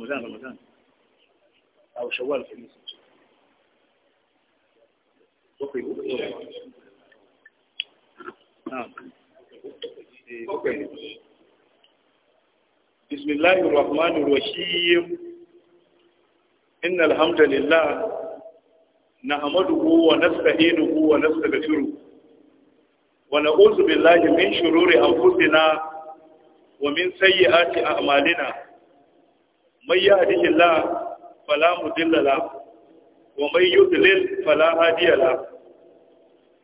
رمضان رمضان أو شوال في المسجد بقي نعم بسم الله الرحمن الرحيم إن الحمد لله نحمده ونستعينه ونستغفره ونعوذ بالله من شرور أنفسنا ومن سيئات أعمالنا من يهده الله فلا مضل له ومن يضلل فلا هادي له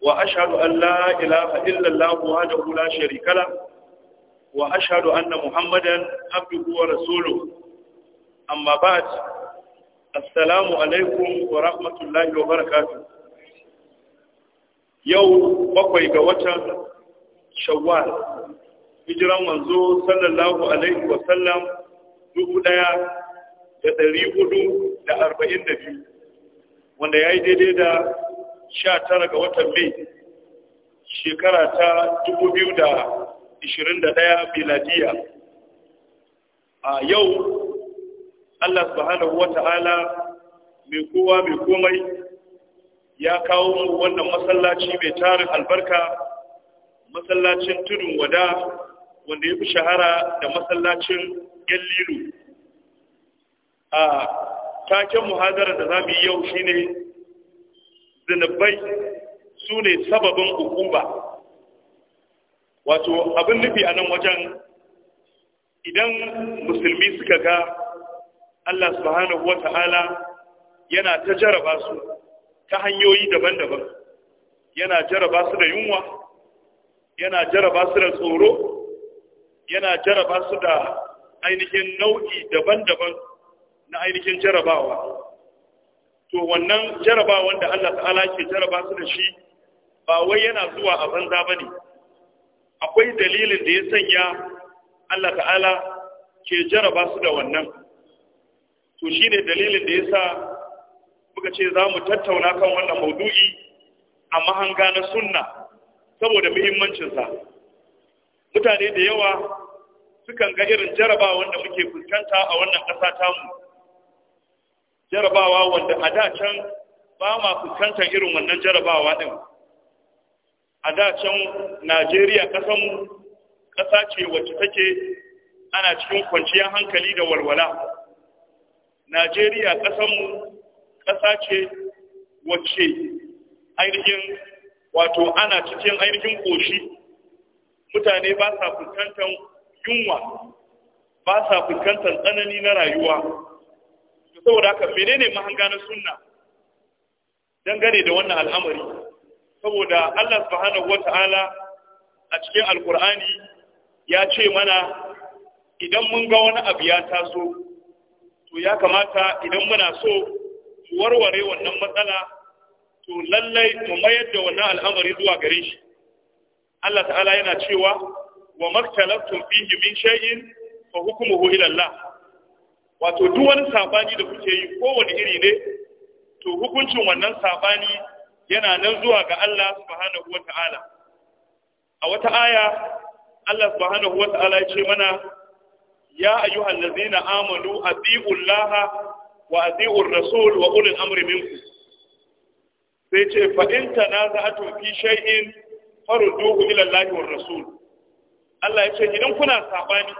واشهد ان لا اله الا الله وحده لا شريك له واشهد ان محمدا عبده ورسوله اما بعد السلام عليكم ورحمه الله وبركاته يوم بقي قوة شوال hijiran manzo sallallahu alaihi wasallam dubu ɗaya da ɗari hudu da arba'in da biyu wanda ya yi daidai da sha tara ga watan mai shekara ta dubu biyu da ishirin da ɗaya miladiya a yau allah subhanahu wata'ala mai kowa mai komai ya kawo mu wannan masallaci mai tarin albarka masallacin tudun wada wanda ya fi shahara da masallacin gallilu a taken muhazara da za mu yi yau shine zunubai su ne sababin hukuma wato abin nufi a nan wajen idan musulmi suka ga Allah subhanahu wata'ala yana ta jaraba su ta hanyoyi daban-daban yana jaraba su da yunwa yana jaraba su da tsoro yana jaraba su da ainihin nau'i daban-daban na ainihin jarabawa to wannan jarabawa da Allah ta'ala ke jaraba su da shi ba wai yana zuwa a banza ba ne akwai dalilin da ya sanya Allah ta'ala ke jaraba su da wannan to shi ne dalilin da ya sa muka ce za mu tattauna kan wannan maudu'i a mahanga na sunna saboda muhimmancinsa mutane da yawa sukan ga irin jarabawa wanda muke fuskanta a wannan ƙasa tamu jarabawa wanda a da can ba ma fuskantar irin wannan jarabawa ɗin a da can najeriya ƙasanmu ƙasa ce wacce take ana cikin kwanciyar hankali da walwala najeriya ƙasanmu ƙasa ce wacce ainihin wato ana cikin ainihin ƙoshi mutane ba sa fuskantar yunwa ba sa fuskantar tsanani na rayuwa saboda haka menene mahanga na sunna dangane da wannan al'amari saboda Allah subhanahu wata'ala a cikin alkur'ani ya ce mana idan mun ga wani abu ya taso to ya kamata idan muna so mu warware wannan matsala to lallai mu mayar da wannan al'amari zuwa gare shi Allah ta'ala yana cewa wa martalaftum fihi min shay'in fa hukmuhu ila Allah wato duk wani sabani da kuke yi kowane iri ne to hukuncin wannan sabani yana nan zuwa ga Allah subhanahu a wata aya Allah subhanahu wata'ala ya ce mana ya ayyuhal ladzina amanu atiullaha wa atiur rasul wa ulil amri minkum sai ce fa in tanaza'tum fi shay'in farudduhu ila Allah rasul Allah ya ce idan kuna saɓani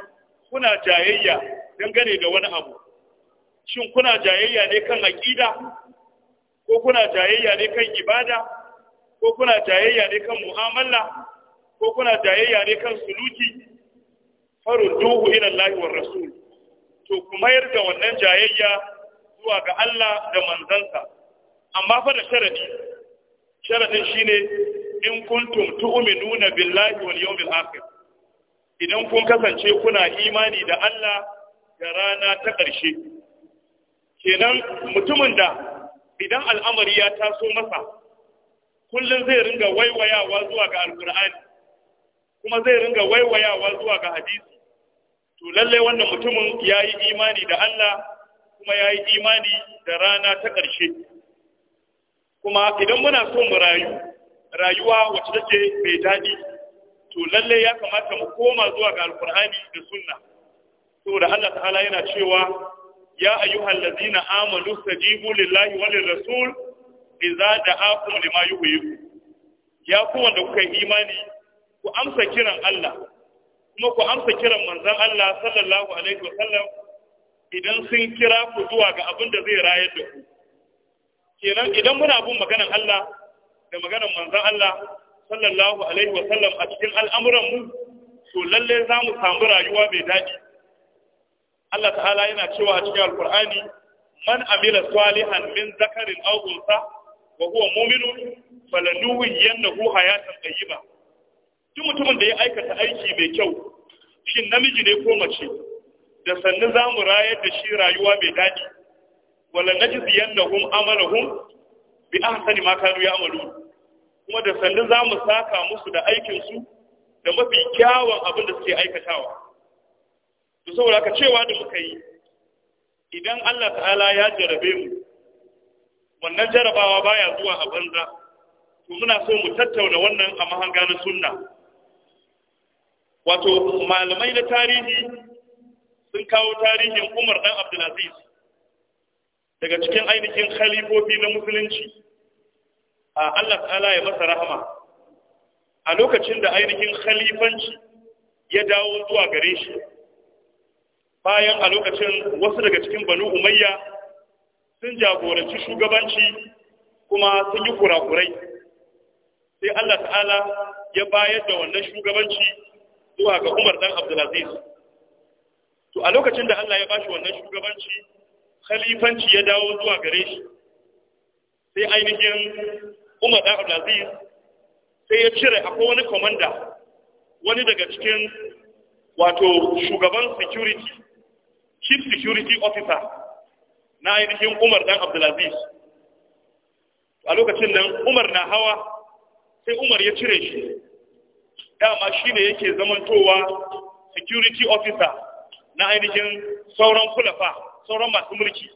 kuna jayayya dangane da wani abu shin kuna jayayya ne kan aƙida ko kuna jayayya ne kan ibada ko kuna jayayya ne kan mu'amala ko kuna jayayya ne kan suluki duhu ila Allah wa rasul to ku mayar da wannan jayayya zuwa ga Allah da manzansa amma fa da sharadi sharadin shine in kuntum tu'minuna billahi wal yawmil akhir idan kun kasance kuna imani da Allah da rana ta ƙarshe kenan mutumin da idan al'amari ya taso masa kullum zai ringa waiwayawa zuwa ga alkur'ani kuma zai ringa waiwayawa zuwa ga hadisi to lallai wannan mutumin ya yi imani da Allah kuma ya yi imani da rana ta ƙarshe kuma idan muna so mu rayu rayuwa wacce take mai daɗi to lallai ya kamata mu koma zuwa ga alkur'ani da sunna saboda Allah ta'ala yana cewa ya ayyuhal ladzina amanu stajibu lillahi wa lirrasul idza da'akum lima yuhyiku ya ku wanda kuka yi imani ku amsa kiran Allah kuma ku amsa kiran manzon Allah sallallahu alaihi wa sallam idan sun kira ku zuwa ga abin da zai rayar da ku kenan idan muna bin maganan Allah da maganan manzon Allah sallallahu alaihi wa sallam a cikin al'amuran mu to lalle za mu samu rayuwa mai daɗi Allah ta'ala yana cewa a cikin alkur'ani man amila salihan min zakarin aw unsa wa huwa mu'minun falanuhyiyannahu hayatan tayyiba duk mutumin da ya aikata aiki mai kyau shin namiji ne ko mace da sannu za mu rayar da shi rayuwa mai daɗi wala najziyannahum amalahum bi ahsani ma kanu ya'malun kuma da sannu za mu saka musu da aikinsu da mafi kyawun abin da suke aikatawa Da saboda ka cewa da muka yi idan Allah ta'ala ya jarabe mu wannan jarabawa baya zuwa a banza to muna so mu tattauna wannan a mahanga na sunna wato malamai na tarihi sun kawo tarihin Umar ɗan Abdulaziz daga cikin ainihin khalifofi na musulunci Allah ta'ala ya masa rahama a lokacin da ainihin khalifanci ya dawo zuwa gare shi bayan a lokacin wasu daga cikin banu umayya sun jagoranci shugabanci kuma sun yi kurakurai sai Allah ta'ala ya bayar da wannan shugabanci zuwa ga Umar dan Abdulaziz to a lokacin da Allah ya bashi wannan shugabanci khalifanci ya dawo zuwa gare shi sai ainihin umar da abdulaziz sai ya cire akwai wani komanda wani daga cikin wato shugaban security chief security officer na ainihin umar dan abdulaziz a lokacin nan umar na hawa sai umar ya cire shi dama shi ne yake zamantowa security officer na ainihin sauran kulafa sauran masu mulki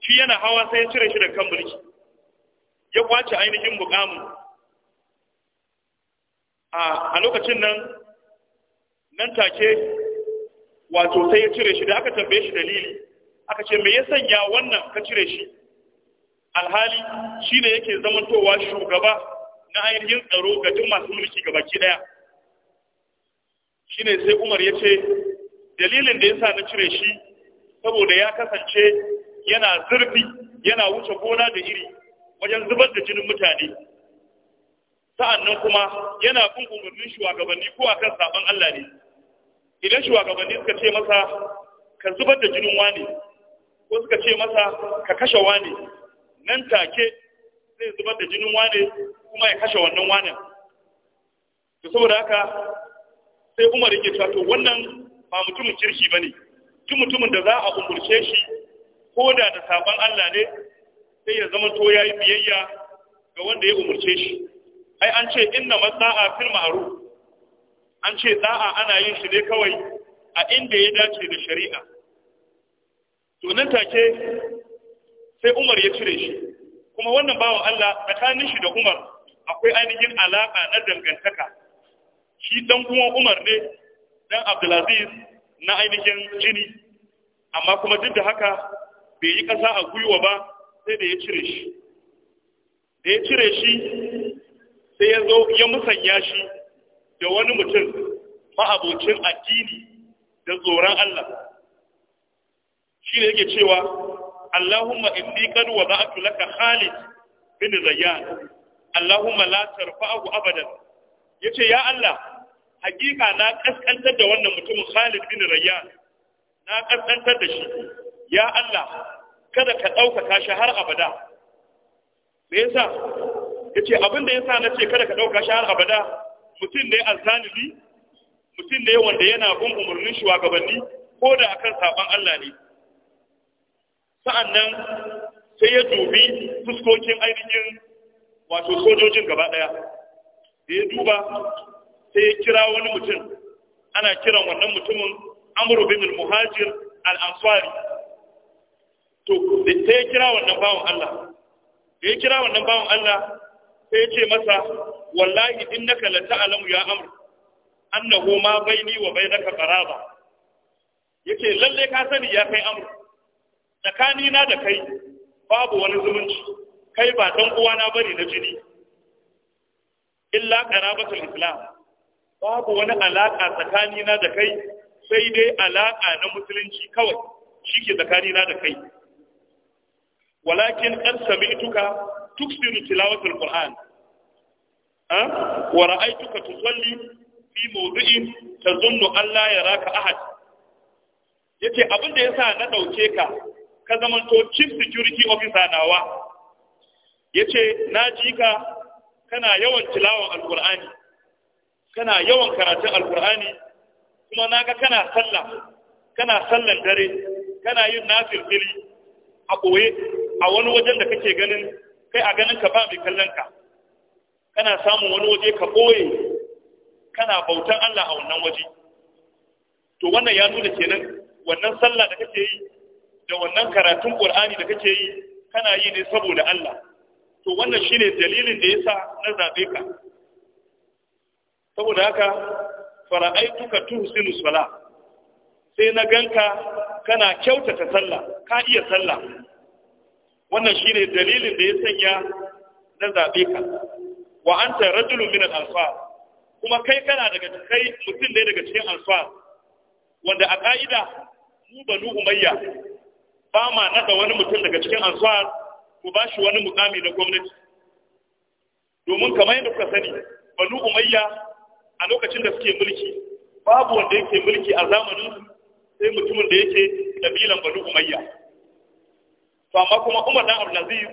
shi yana hawa sai ya cire shi da kan mulki ya kwace ainihin mukamin a lokacin nan nan take wato sai ya cire shi da aka tambaye shi dalili aka ce me ya sanya wannan ka cire shi alhali shi ne yake zamantowa shugaba na ainihin tsaro ga duk masu mulki gabaki daya shi ne sai umar ya ce dalilin da ya sa na cire shi saboda ya kasance yana zurfi yana wuce gona da iri wajen zubar da jinin mutane sa'annan kuma yana bin umarnin shugabanni ko akan saban Allah ne idan shugabanni suka ce masa ka zubar da jinin wani ko suka ce masa ka kashe wani nan take zai zubar da jinin wani kuma ya kashe wannan wani da saboda haka sai Umar yake cewa to wannan ba mutumin kirki bane duk mutumin da za a umurce shi ko da da saban Allah ne sai ya zama to yi biyayya ga wanda ya umarce shi ai an ce inna masa'a fil ma'ruf an ce da'a ana yin shi ne kawai a inda ya dace da shari'a to nan take sai Umar ya cire shi kuma wannan bawan Allah tsakanin shi da Umar akwai ainihin alaka na dangantaka shi dan kuma Umar ne dan Abdulaziz na ainihin jini amma kuma duk da haka bai yi kasa a gwiwa ba sai da ya cire shi da ya cire shi sai ya zo ya musanya shi da wani mutum ma'abocin addini da tsoron Allah shi ne yake cewa Allahumma inni qad wada'tu laka Khalid bin Zayyan Allahumma la tarfa'ahu abadan yace ya Allah hakika na kaskantar da wannan mutum Khalid bin Rayyan na kaskantar da shi ya Allah kada ka ɗaukaka shi har abada me yasa yace abin da yasa nace kada ka ɗauka shi har abada mutum ne azzalimi mutum ne wanda yana bin umarnin shugabanni ko da akan saban Allah ne sa'annan sai ya dubi fuskokin ainihin wato sojojin gaba ɗaya da ya duba sai ya kira wani mutum ana kiran wannan mutumin amru bin muhajir al-ansari to sai ya kira wannan bawan Allah da ya kira wannan bawan Allah sai ya ce masa wallahi innaka la ta'lamu ya amr annahu ma baini wa bainaka qaraba yace lalle ka sani ya kai amr tsakani na da kai babu wani zumunci kai ba dan uwa na bane na jini illa qarabatul islam babu wani alaka tsakani na da kai sai dai alaka na musulunci kawai shike tsakani na da kai walakin qad sami'tuka tuksiru tilawatul qur'an ha wa ra'aytuka tusalli fi mawdu'in tazunnu an la yaraka ahad yace abin da sa na ɗauke ka ka zamanto chief security officer nawa yace na ji ka kana yawan tilawan alqur'ani kana yawan karatun Alkur'ani, kuma naga kana sallah kana sallan dare kana yin nafil a ɓoye a wani wajen da kake ganin kai a ganin ka ba mai kallon ka kana samun wani waje ka boye kana bautan Allah a wannan waje to wannan ya nuna kenan wannan sallah da kake yi da wannan karatun Qur'ani da kake yi kana yi ne saboda Allah to wannan shine dalilin da yasa na zabe ka saboda haka fara'aituka tuhsinu sala sai na ganka kana kyautata sallah ka iya sallah wannan shi ne dalilin da ya sanya na zaɓe ka wa ta rajulun min alfa kuma kai kana daga kai mutum ne daga cikin alfa wanda a ka'ida mu banu umayya ba ma naɗa wani mutum daga cikin alfa ku ba shi wani mukami na gwamnati domin kamar yadda kuka sani banu umayya a lokacin da suke mulki babu wanda yake mulki a zamanin sai mutumin da yake kabilan banu umayya to amma kuma Umar dan Aziz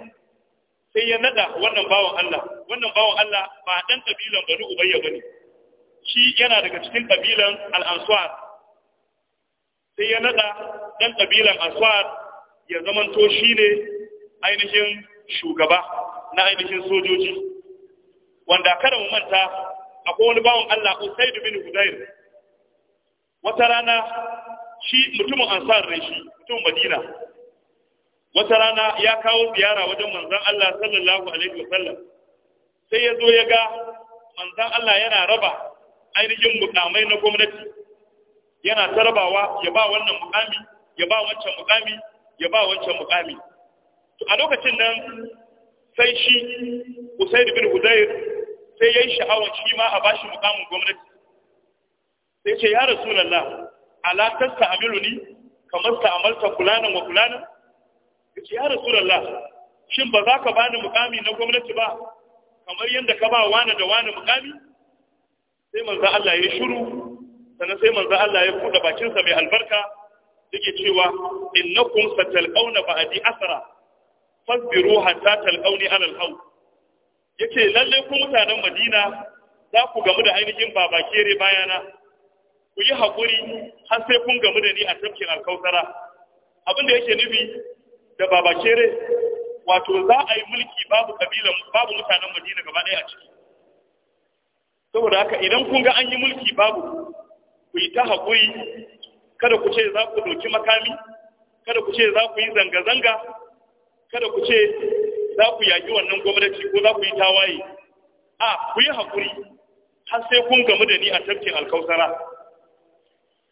sai ya nada wannan bawan Allah wannan bawan Allah ba dan kabilan Bani Ubayya bane shi yana daga cikin kabilan Al-Ansar sai ya nada dan kabilan Aswad ya zamanto shine ainihin shugaba na ainihin sojoji wanda kada mu manta akwai wani bawan Allah Usaid bin Hudayr wata rana shi mutumin Ansar ne shi mutumin Madina wata rana ya kawo ziyara wajen manzan Allah sallallahu alaihi wasallam sai ya zo ya ga manzan Allah yana raba ainihin mukamai na gwamnati yana ta rabawa ya ba wannan mukami ya ba wancan mukami ya ba wancan mukami a lokacin nan sai shi Usaid bin Hudayr sai yayi sha'awar shi ma a bashi mukamin gwamnati sai ce ya Rasulullah ala tasta amiluni kamar ta amalta kulanan wa kulanin? ce ya rasulullah shin ba za ka bani mukami na gwamnati ba kamar yadda ka ba wani da wani mukami sai manzo Allah ya shiru sannan sai manzo Allah ya bakin sa mai albarka yake cewa innakum satalqawna ba'di asra fasbiru hatta talqawni ala al-hawl yace lalle ku mutanen Madina za ku gamu da ainihin babakere bayana ku yi haƙuri har sai kun gamu da ni a tafkin alkautara abin da yake nufi da baba kere wato za a yi mulki babu kabilan babu mutanen madina gaba ɗaya a ciki saboda haka idan kun ga an yi mulki babu ku yi ta haƙuri kada ku ce za ku ɗauki makami kada ku ce za ku yi zanga-zanga kada ku ce za ku yaƙi wannan gwamnati ko za ku yi tawaye a ku yi haƙuri har sai kun gamu da ni a tafkin alkausara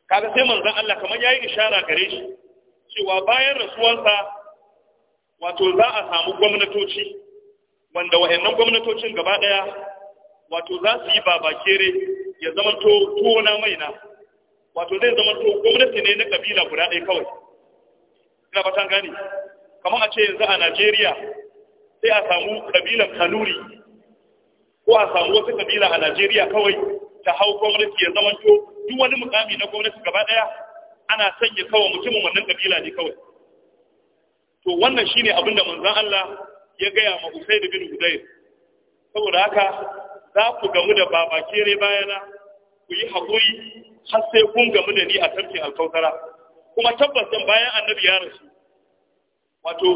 kaga sai manzon Allah kamar yayi ishara gare shi cewa bayan rasuwansa wato za a samu gwamnatoci wanda wa'annan gwamnatocin gaba ɗaya wato za su yi babakere ya zama to na maina wato zai zama to gwamnati ne na kabila guda ɗaya kawai ina fatan gani kamar a ce yanzu a najeriya sai a samu kabilan kanuri ko a samu wasu kabila a najeriya kawai ta hau gwamnati ya zama to duk wani mukami na gwamnati gaba ɗaya ana sanya kawai mutumin wannan kabila ne kawai to wannan shine abin da manzon Allah ya gaya ma Usaid bin Hudayr saboda haka za ku gamu da kere bayana ku yi haƙuri har sai kun gamu da ni a tafkin alkautara kuma tabbacin bayan annabi ya rasu wato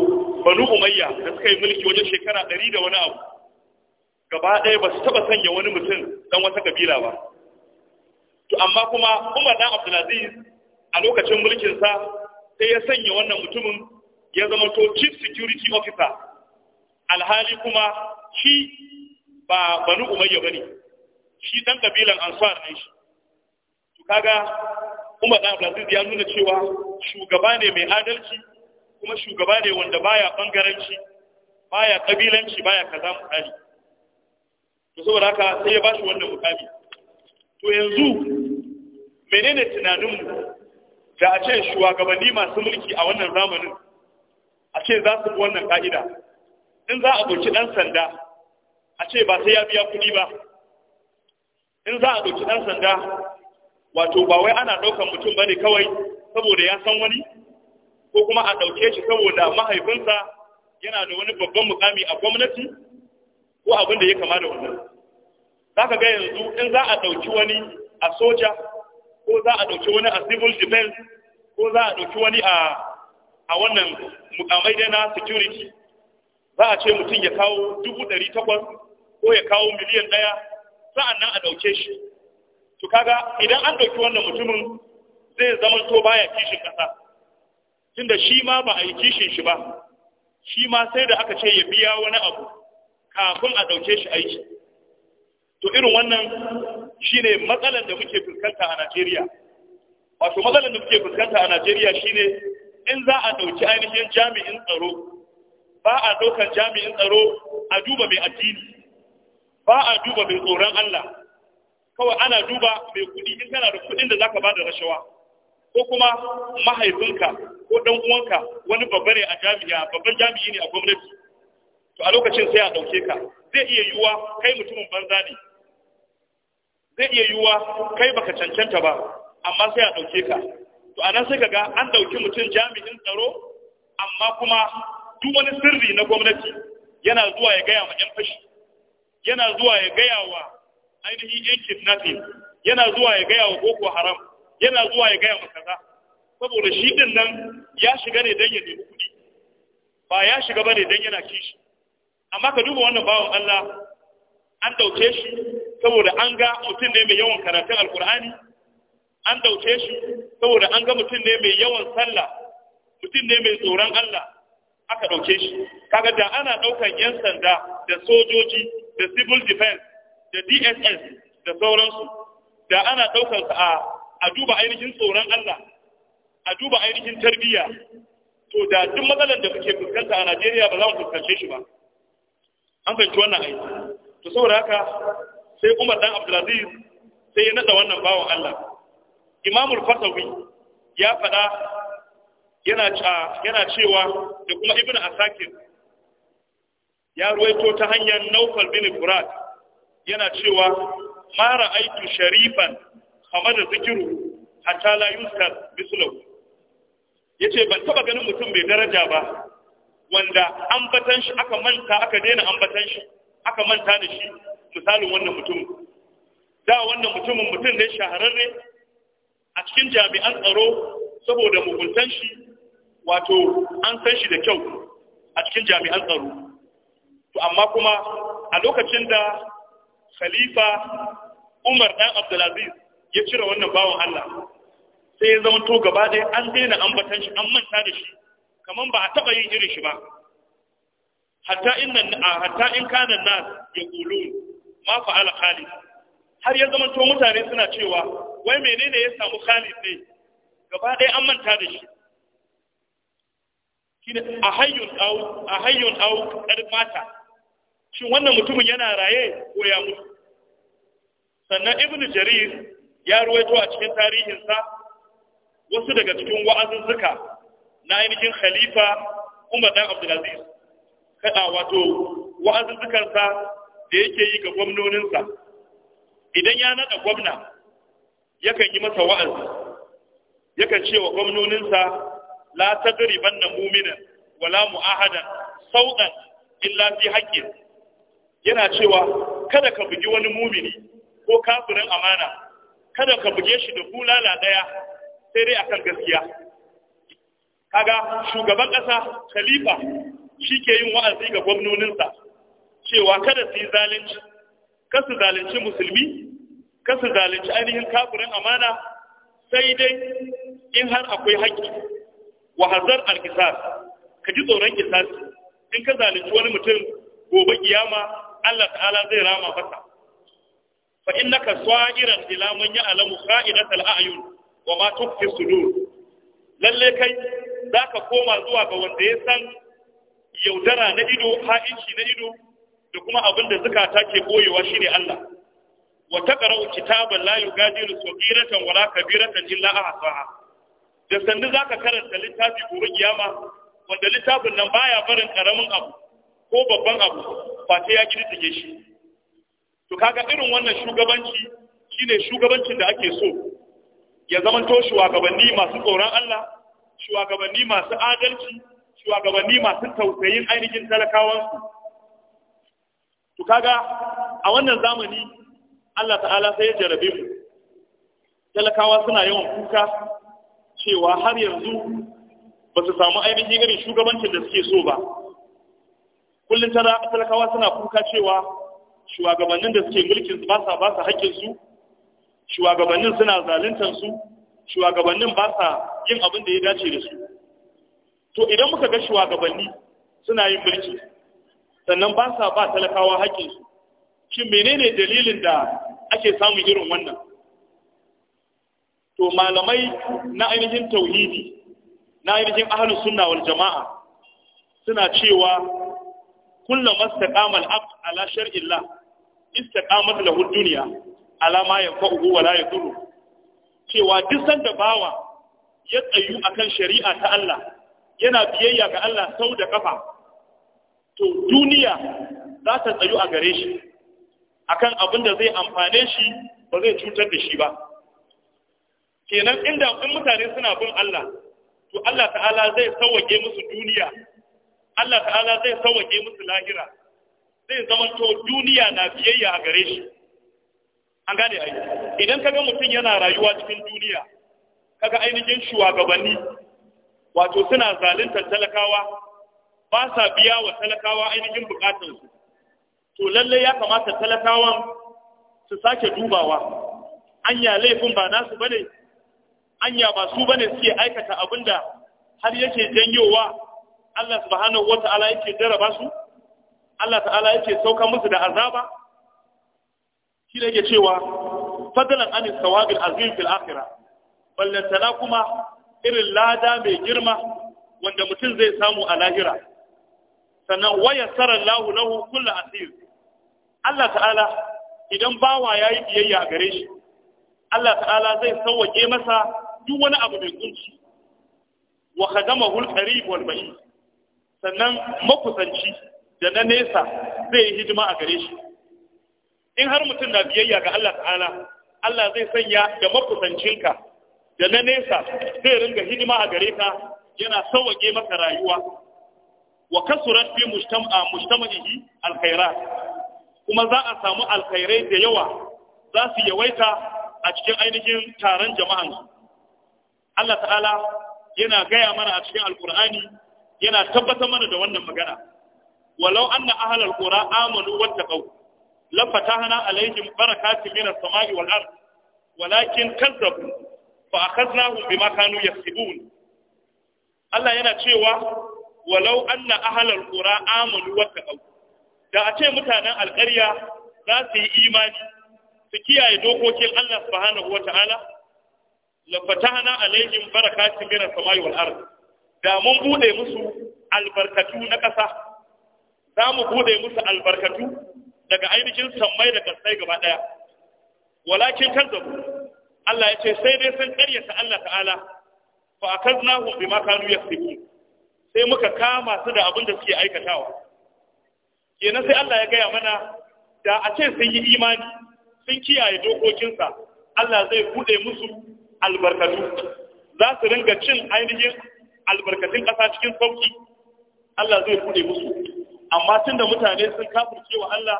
banu umayya da suka yi mulki wajen shekara ɗari da wani abu gaba ɗaya ba su taɓa sanya wani mutum dan wata kabila ba to amma kuma umar dan abdulaziz a lokacin mulkinsa sai ya sanya wannan mutumin ya zama to chief security officer alhali kuma shi ba banu umayya bane shi dan kabilan ansar ne shi to kaga Umar dan Abdulaziz ya nuna cewa shugaba ne mai adalci kuma shugaba ne wanda baya bangaranci baya kabilanci baya kaza mutane to saboda haka sai ya bashi wannan mukami to yanzu menene tunaninmu da a ce shugabanni masu mulki a wannan zamanin a ce za su bi wannan ka'ida in za a ɗauki ɗan sanda a ce ba sai ya biya kuɗi ba in za a ɗauki ɗan sanda wato ba wai ana ɗaukan mutum ba ne kawai saboda ya san wani ko kuma a ɗauke shi saboda mahaifinsa yana da wani babban mukami a gwamnati ko abin da ya kama da wannan za ka ga yanzu in za a ɗauki wani a soja ko za a ɗauki wani a civil defense ko za a ɗauki wani a a wannan mukamai dai na security za a ce mutum ya kawo dubu ɗari takwas ko ya kawo miliyan ɗaya sa'annan a ɗauke shi to kaga idan an ɗauki wannan mutumin zai zama to baya kishin ƙasa tunda shi ma ba a yi kishin shi ba shi ma sai da aka ce ya biya wani abu kafin a ɗauke shi aiki to irin wannan shine matsalan da muke fuskanta a Najeriya wato matsalan da muke fuskanta a Najeriya shine in za a ɗauki ainihin jami'in tsaro ba a ɗaukar jami'in tsaro a duba mai addini ba a duba mai tsoron Allah kawai ana duba mai kuɗi in kana da kuɗin da zaka bada rashawa ko kuma mahaifinka ko dan uwanka wani babba ne a jami'a babban jami'i ne a gwamnati to a lokacin sai a ɗauke ka zai iya yiwuwa kai mutumin banza ne zai iya yiwuwa kai baka cancanta ba amma sai a ɗauke ka to nan sai ga an dauki mutum jami'in tsaro amma kuma duk wani sirri na gwamnati yana zuwa ya gaya wa 'yan fashi yana zuwa ya gaya wa ainihin 'yan kidnapping yana zuwa ya gaya wa boko haram yana zuwa ya gaya wa kaza saboda shi din nan ya shiga ne don ya nemi kuɗi ba ya shiga ba ne don yana kishi amma ka duba wannan bawan Allah an dauke shi saboda an ga mutum ne mai yawan karatun alkur'ani an dauke shi saboda an ga mutum ne mai yawan sallah mutum ne mai tsoron Allah aka dauke shi kaga da ana daukan yan sanda da sojoji da civil defense da DSS da sauransu da ana daukan su a a duba ainihin tsoron Allah a duba ainihin tarbiyya to da duk matsalar da kuke fuskanta a Najeriya ba za mu fuskance shi ba an fahimci wannan aiki to saboda haka sai Umar dan Abdulaziz sai ya nada wannan bawan Allah imamul fatawi ya faɗa yana cewa da kuma ibn asakir ya ruwaito ta hanyar naufal bin furat yana cewa Mara aiki sharifan da zikiru hatta la yuskar Ya yace ban taba ganin mutum mai daraja ba wanda ambatan shi aka manta aka daina ambatan shi aka manta da shi misalin wannan mutum da wannan mutumin mutum ne shahararre a cikin jami'an tsaro saboda mugultan shi wato an san shi da kyau a cikin jami'an tsaro to amma kuma a lokacin da khalifa umar dan abdulaziz ya cire wannan bawan allah sai ya zama to gaba ɗaya an daina ambatan shi an manta da shi kamar ba a taba yin irin shi ba hatta in kana nas yaqulun ma fa'ala khalifa har ya zama to mutane suna cewa wai menene ya samu Khalid ne gaba ɗaya an manta da shi shine a hayyun au a hayyun au mata shin wannan mutumin yana raye ko ya mutu sannan ibn jarir ya ruwaito a cikin tarihinsa wasu daga cikin wa'azin wa'azuzzuka na ainihin khalifa umar dan abdulaziz kada wato wa'azin wa'azuzzukansa da yake yi ga gwamnoninsa idan ya naɗa gwamna yakan yi masa wa'azi yakan ce wa gwamnoninsa la tadriban na mumina wala mu'ahadan sauɗan illa fi haƙƙin yana cewa kada ka bugi wani mumini ko kafirin amana kada ka buge shi da bulala ɗaya sai dai akan gaskiya kaga shugaban ƙasa khalifa shi ke yin wa'azi ga gwamnoninsa cewa kada su yi zalunci kasu zalunci musulmi kasu zalunci ainihin kafirin amana sai dai in har akwai haƙƙi wa hazar alkisar ka ji tsoron kisar in ka zalunci wani mutum gobe kiyama Allah ta'ala zai rama masa fa innaka sa'iran ila man ya'lamu kha'idatal a'yun wa ma tukhfi sudur lalle kai zaka koma zuwa ga wanda ya san yaudara na ido ha'inci na ido da kuma abin da zukata ke koyewa ne Allah wa taqra'u kitaban la yugadiru saghiratan wala kabiratan illa ahsaha da sandu ka karanta littafi gobe kiyama wanda littafin nan baya barin karamin abu ko babban abu ba ta ya kirtige shi to kaga irin wannan shugabanci shine shugabancin da ake so ya zamanto shugabanni masu tsoron Allah shugabanni masu adalci shugabanni masu tausayin ainihin talakawansu to kaga a wannan zamani Allah ta'ala sai ya jarabe mu talakawa suna yawan kuka cewa har yanzu ba su samu ainihin irin shugabancin da suke so ba kullum tara talakawa suna kuka cewa shugabannin da suke mulkin ba sa ba su haƙƙinsu shugabannin suna zaluntar su shugabannin ba sa yin abin da ya dace da su to idan muka ga shugabanni suna yin mulki sannan ba sa ba talakawa su, shi menene dalilin da ake samun irin wannan to malamai na ainihin tauhidi na ainihin ahlus sunna wal jama'a suna cewa kullu mastaqama al-aqd ala shar'illah istaqamat lahu dunya ala ma yanfa'uhu wa la cewa duk sanda bawa ya tsayu akan shari'a ta Allah yana biyayya ga Allah sau da kafa to duniya za ta tsayu a gare shi akan abin da zai amfane shi ba zai cutar da shi ba kenan inda in mutane suna bin Allah to Allah ta'ala zai sauwake musu duniya Allah ta'ala zai sauwake musu lahira zai zama to duniya na biyayya a gare shi an gane ai idan kaga mutum yana rayuwa cikin duniya kaga ainihin shugabanni wato suna zaluntar talakawa ba sa biya wa talakawa ainihin bukatansu to lallai ya kamata talakawan su sake dubawa anya laifin ba nasu bane anya ba su bane suke aikata abinda har yake janyowa Allah subhanahu wata'ala yake jaraba su Allah ta'ala yake sauka musu da azaba shi da yake cewa fadlan anis sawabil azim fil akhirah ballantana kuma irin lada mai girma wanda mutum zai samu a lahira sannan wayan sarar lahu lahu kulla asir Allah ta'ala idan bawa yayi biyayya a gare shi Allah ta'ala zai sauwaƙe masa duk wani abu mai kunci wa khadamahu al qarib wal ba'id sannan makusanci da na nesa zai yi hidima a gare shi in har mutum na biyayya ga Allah ta'ala Allah zai sanya da makusancinka da na nesa zai ringa hidima a gare ka yana sauwaƙe maka rayuwa wa kasurat fi mujtama'ihi alkhairat kuma za a samu alkhairai da yawa za su yawaita a cikin ainihin taron jama'an Allah ta'ala yana gaya mana a cikin alkur'ani yana tabbatar mana da wannan magana walau anna ahlal qura amanu wattaqaw la fatahna alaihim barakatin minas sama'i wal ard walakin kazzabu fa akhadnahum bima kanu yaksibun Allah yana cewa walau anna ahlal qura amanu wa da a ce mutanen alƙarya za su yi imani su kiyaye dokokin Allah subhanahu wa ta'ala lafata hana alaihim barakatin min as wal ard da mun bude musu albarkatu na ƙasa za mu bude musu albarkatu daga ainihin sammai da kasai gaba ɗaya walakin kazzabu Allah ya ce sai dai sun ƙaryata Allah ta'ala fa akaznahum bima kanu yasifun sai muka kama su da abin da suke aikatawa kenan sai Allah ya gaya mana da a ce sun yi imani sun kiyaye dokokinsa Allah zai buɗe musu albarkatu za su ringa cin ainihin albarkatun ƙasa cikin sauƙi, Allah zai buɗe musu amma tun da mutane sun kafirce wa Allah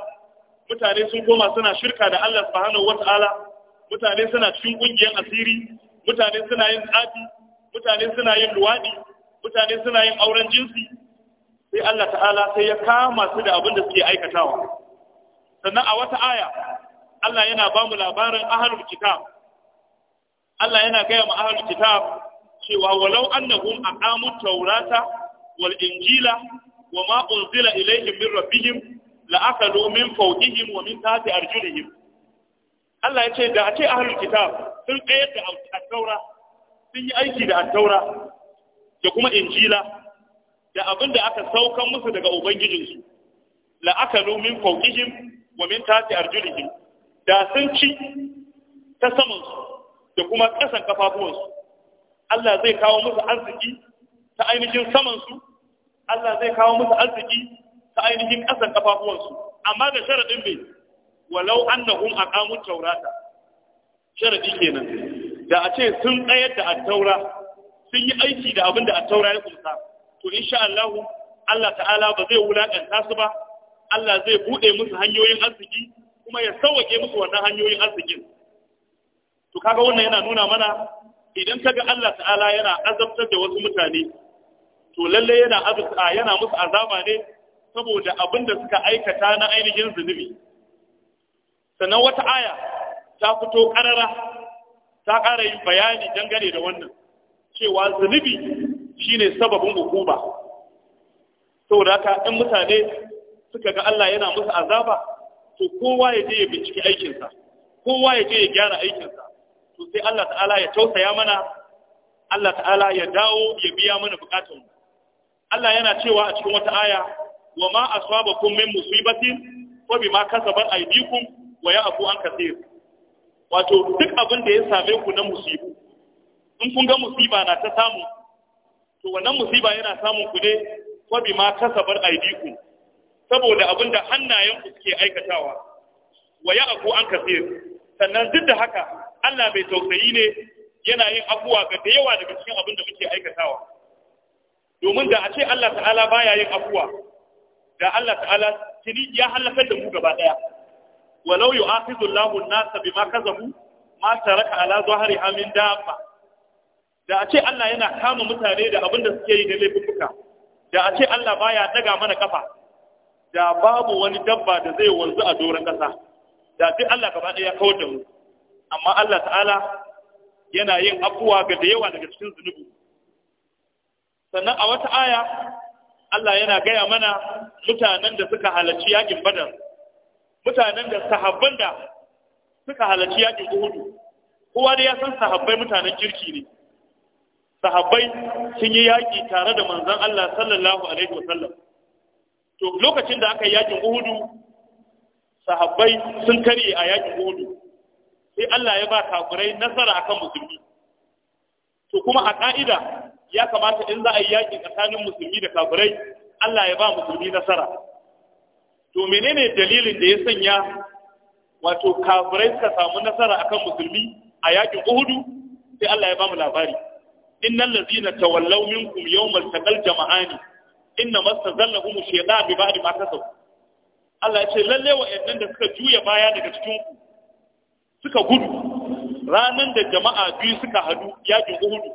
mutane sun koma suna shirka da Allah subhanahu wata'ala mutane suna cikin ƙungiyar asiri mutane suna yin tsafi mutane suna yin luwaɗi mutane suna yin auren jinsi sai Allah ta'ala sai ya kama su da abin da suke aikatawa sannan a wata aya Allah yana ba mu labarin ahlul kitab Allah yana gaya ma ahlul kitab cewa walau annahum aqamu tawrata wal injila wama unzila ilayhim min rabbihim la'akalu min fawqihim wa min tahti arjulihim Allah ya ce da a ce ahlul kitab sun kayar da Attaura sun yi aiki da Attaura. da kuma injila da abin da aka saukan musu daga ubangijinsu la'akalu min fawqihim wa min tati arjulihim da sun ci ta samansu da kuma ƙasan kafafuwansu Allah zai kawo musu arziki ta ainihin samansu Allah zai kawo musu arziki ta ainihin ƙasan su amma da sharadin bai walau annahum aqamu tawrata sharadi kenan da a ce sun tsayar da at sun yi aiki da abin da a taura ya kunsa to insha Allah Allah ta'ala ba zai wulaƙanta su ba Allah zai buɗe musu hanyoyin arziki kuma ya sauke musu wannan hanyoyin arzikin to kaga wannan yana nuna mana idan kaga Allah ta'ala yana azabtar da wasu mutane to lalle yana azabta yana musu azaba ne saboda abin da suka aikata na ainihin zunubi sannan wata aya ta fito ƙarara, ta ƙara yin bayani dangane da wannan cewa zunubi shine sababin hukuma saboda haka in mutane suka ga Allah yana musu azaba to kowa ya je ya binciki aikinsa kowa ya je ya gyara aikinsa to sai Allah ta'ala ya tausaya mana Allah ta'ala ya dawo ya biya mana bukatun Allah yana cewa a cikin wata aya wa ma aswabakum min musibatin fa bima kasabat aydikum wa ya'fu an kaseer wato duk abin da ya same ku na musibu in kun ga musiba na ta samu to wannan musiba yana samun ku ne bi ma kasabar aidiku saboda abinda hannayen ku suke aikatawa wa ya'fu an kasir sannan duk da haka Allah mai tausayi ne yana yin abuwa ga da yawa daga cikin abin da muke aikatawa domin da a ce Allah ta'ala baya yin abuwa da Allah ta'ala tuni ya halakar da mu gaba daya walau yu'akhidhu an-nasa bima kazabu ma taraka ala zahri amin dabba da a ce Allah yana kama mutane da abin da suke yi da laifuka da a ce Allah baya daga mana kafa da babu wani dabba da zai wanzu a doron kasa da duk Allah gaba ɗaya da mu amma Allah ta'ala yana yin abuwa ga da yawa daga cikin zunubi sannan a wata aya Allah yana gaya mana mutanen da suka halarci yakin badar mutanen da sahabban da suka halarci yakin uhudu kowa da ya san sahabbai mutanen kirki ne sahabbai sun yi yaƙi tare da manzon Allah sallallahu alaihi wasallam to lokacin da aka yi yaƙin Uhudu sahabbai sun karye a yaƙin Uhudu sai Allah ya ba kafirai nasara akan musulmi to kuma a ka'ida ya kamata in za a yi yaƙi tsakanin musulmi da kafirai Allah ya ba musulmi nasara to menene dalilin da ya sanya wato kafirai suka samu nasara akan musulmi a yaƙin Uhudu sai Allah ya ba mu labari innal الذين تولوا منكم يوم التقى jama'ani inna mastazallahum shaytan bi ba'di ma kasabu Allah ya ce lalle wa'annan da suka juya baya daga cikin ku suka gudu ranan da jama'a biyu suka hadu yakin Uhud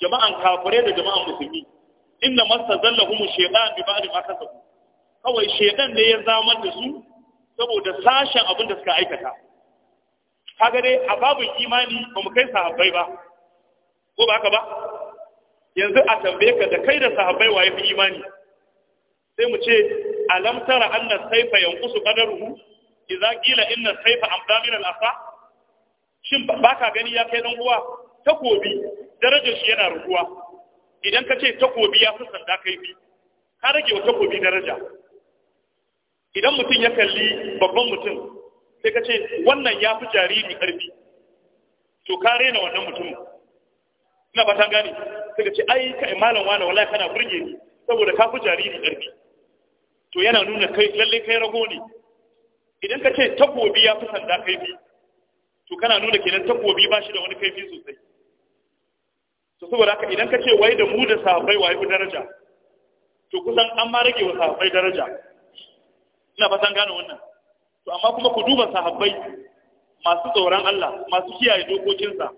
jama'an kafire da jama'an musulmi inna mastazallahum shaytan bi ba'di ma kasabu kawai shaytan ne ya zamar da su saboda sashen abin da suka aikata kaga dai a babin imani ba mu kai sahabbai ba ko ba haka ba yanzu a tambaye ka da kai da sahabbai waye fi imani sai mu ce alam tara anna saifa yanqusu qadaruhu idza qila inna saifa amda min al-asa shin baka gani ya kai dan uwa takobi darajar shi yana ruguwa idan ka ce takobi ya fi sanda bi ka rage wa takobi daraja idan mutum ya kalli babban mutum sai ka ce wannan ya fi jariri karfi to ka rena wannan mutumin ina ba ta gane suka ce ai kai malam wani wallahi kana burge ni saboda ka fi jariri karfi to yana nuna kai lalle kai rago ne idan ka ce takobi ya fi sanda kaifi to kana nuna kenan takobi ba shi da wani kaifi sosai to saboda haka idan ka ce wai da mu da sahabbai wai ku daraja to kusan an ma rage wa sahabbai daraja ina ba san gane wannan to amma kuma ku duba sahabbai masu tsoron Allah masu kiyaye dokokinsa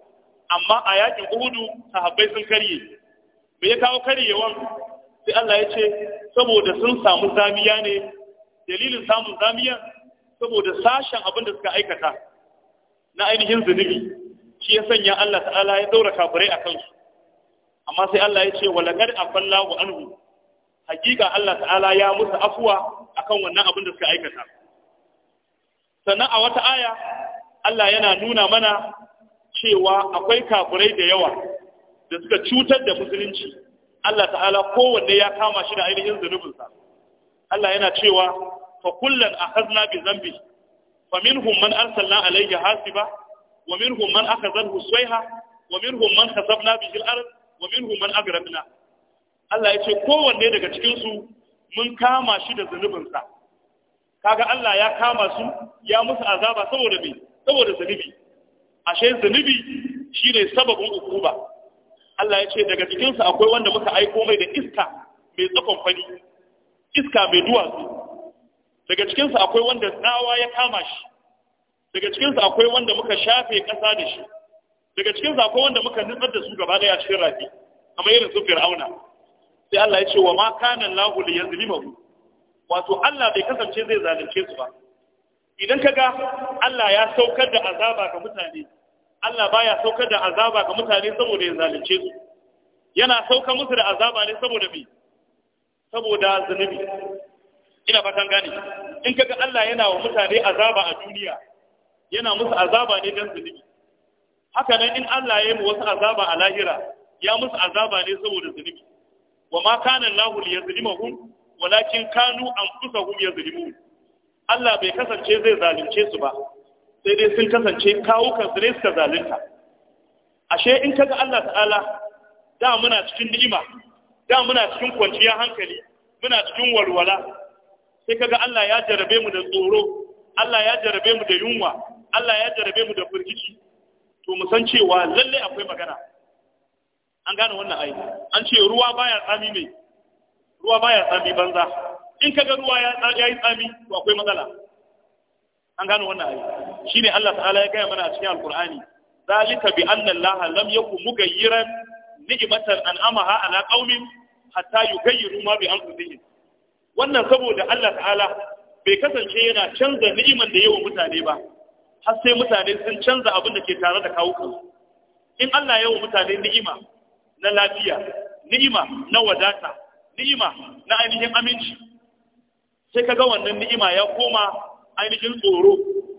amma a yakin uhudu sahabbai sun karye me ya kawo karyewan sai Allah ya ce saboda sun samu zamiya ne dalilin samun zamiya saboda sashen abin da suka aikata na ainihin zunubi shi ya sanya Allah ta'ala ya daura kafirai a kansu amma sai Allah ya ce walaqad afallahu anhu hakika Allah ta'ala ya musu afuwa akan wannan abin da suka aikata sannan a wata aya Allah yana nuna mana cewa akwai kafirai da yawa da suka cutar da musulunci Allah ta'ala kowanne ya kama shi da ainihin zunubinsa Allah yana cewa fa kullan akhadna bi zambi fa minhum man arsalna alayhi hasiba wa minhum man akhadhahu suwaiha wa minhum man khasabna bihi al-ard wa minhum man agrabna Allah ya ce kowanne daga cikin su mun kama shi da zunubinsa kaga Allah ya kama su ya musu azaba saboda me saboda zunubi ashe zunubi shine sababin ukuba Allah ya ce daga cikinsa akwai wanda muka aiko mai da iska mai tsakon fani iska mai duwatsu daga cikinsa akwai wanda tsawa ya kama shi daga cikinsa akwai wanda muka shafe ƙasa da shi daga cikinsa akwai wanda muka nutsar da su gaba daya cikin rafi kamar irin su fir'auna sai Allah ya ce wa ma kana lahu li yazlimahu wato Allah bai kasance zai zalunce su ba idan ka ga Allah ya saukar da azaba ga mutane Allah baya saukar da azaba ga mutane saboda ya zalunce su yana saukar musu da azaba ne saboda me saboda zunubi ina fatan gane in ka ga Allah yana wa mutane azaba a duniya yana musu azaba ne don zunubi haka nan in Allah ya yi wasu azaba a lahira ya musu azaba ne saboda zunubi wa ma kana Allahu liyazlimahum walakin kanu anfusahum yazlimun Allah bai kasance zai zalunce su ba sai dai sun kasance kawukan su ne suka zalunta ashe in kaga Allah ta'ala da muna cikin ni'ima da muna cikin kwanciyar hankali muna cikin walwala sai kaga Allah ya jarabe mu da tsoro Allah ya jarabe mu da yunwa Allah ya jarabe mu da firgici to mu san cewa lalle akwai magana an gane wannan ayi an ce ruwa baya tsami mai ruwa baya tsami banza in ga ruwa ya yi tsami to akwai matsala an gano wannan ayi shine Allah ta'ala ya gaya mana a cikin alqur'ani zalika bi anna Allah lam yakun mugayyiran ni'matan an'amaha ala qaumin hatta yughayyiru ma bi anfusihim wannan saboda Allah ta'ala bai kasance yana canza ni'iman da yawa mutane ba har sai mutane sun canza abin da ke tare da kawo in Allah yawa mutane ni'ima na lafiya ni'ima na wadata ni'ima na ainihin aminci sai kaga wannan ni'ima ya koma ainihin tsoro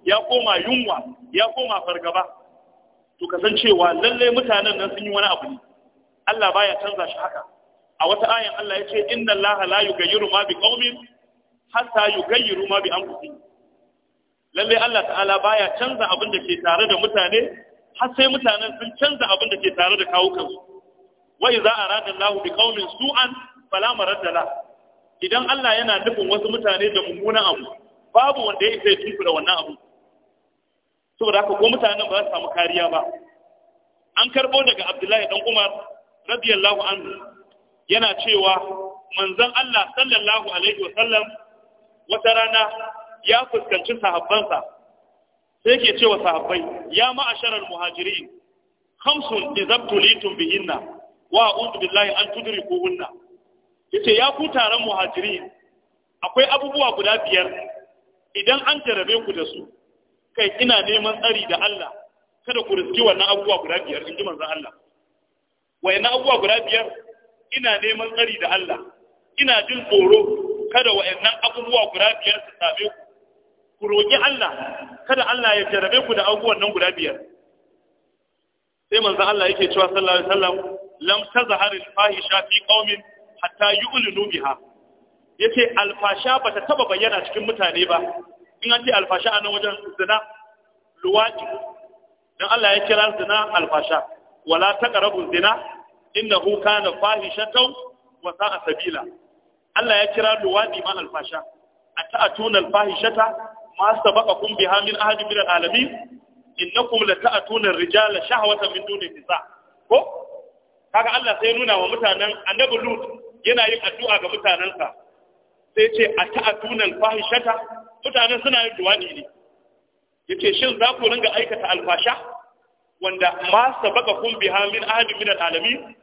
ya koma yunwa ya koma fargaba to kasancewa lallai mutanen nan sun yi wani abu ne Allah baya canza shi haka a wata ayan Allah ya ce inna Allah la yughayyiru ma bi qaumin hatta yughayyiru ma bi anfusihim lallai Allah ta'ala baya canza abin da ke tare da mutane har sai mutanen sun canza abin da ke tare da kawo kansu wa idza arada Allah bi qaumin su'an fala maradda lahu idan Allah yana nufin wasu mutane da mummunan abu babu wanda ya sai da wannan abu saboda haka ko mutanen ba za su samu kariya ba an karbo daga Abdullahi dan Umar radiyallahu anhu yana cewa manzon Allah sallallahu alaihi wa sallam, wata rana ya fuskanci sahabbansa sai ke cewa sahabbai ya ma'asharar muhajirin khamsun izabtulitum bihinna wa a'udhu billahi an tudrikuhunna yace ya ku taron muhajiri akwai abubuwa guda biyar idan an jarabe ku da su kai ina neman tsari da Allah kada ku riski wannan abubuwa guda biyar in ji manzon Allah wayannan abubuwa guda biyar ina neman tsari da Allah ina jin tsoro kada wayannan abubuwa guda biyar su same ku ku roƙi Allah kada Allah ya jarabe ku da abubuwan nan guda biyar sai manzon Allah yake cewa sallallahu alaihi wasallam lam tazharil fahisha fi qaumin hatta yu'linu biha yace alfasha bata taba bayyana cikin mutane ba in an ce alfasha a nan wajen zina luwaji dan Allah ya kira zina alfasha wala taqrabu zina innahu kana fahishatan wa sa'a sabila Allah ya kira luwadi ma alfasha ata'atuna alfahishata ma sabaqakum biha min ahadin min alalamin innakum lata'atuna ar-rijala shahwatan min duni nisa ko kaga Allah sai nuna wa mutanen annabi Lut yana yin addu'a ga mutanensa sai ce a ta'adunan fahishata mutanen suna yin duwani ne yace shin za ku ringa aikata alfasha wanda ma sabaka kun biha min ahadin min al'alami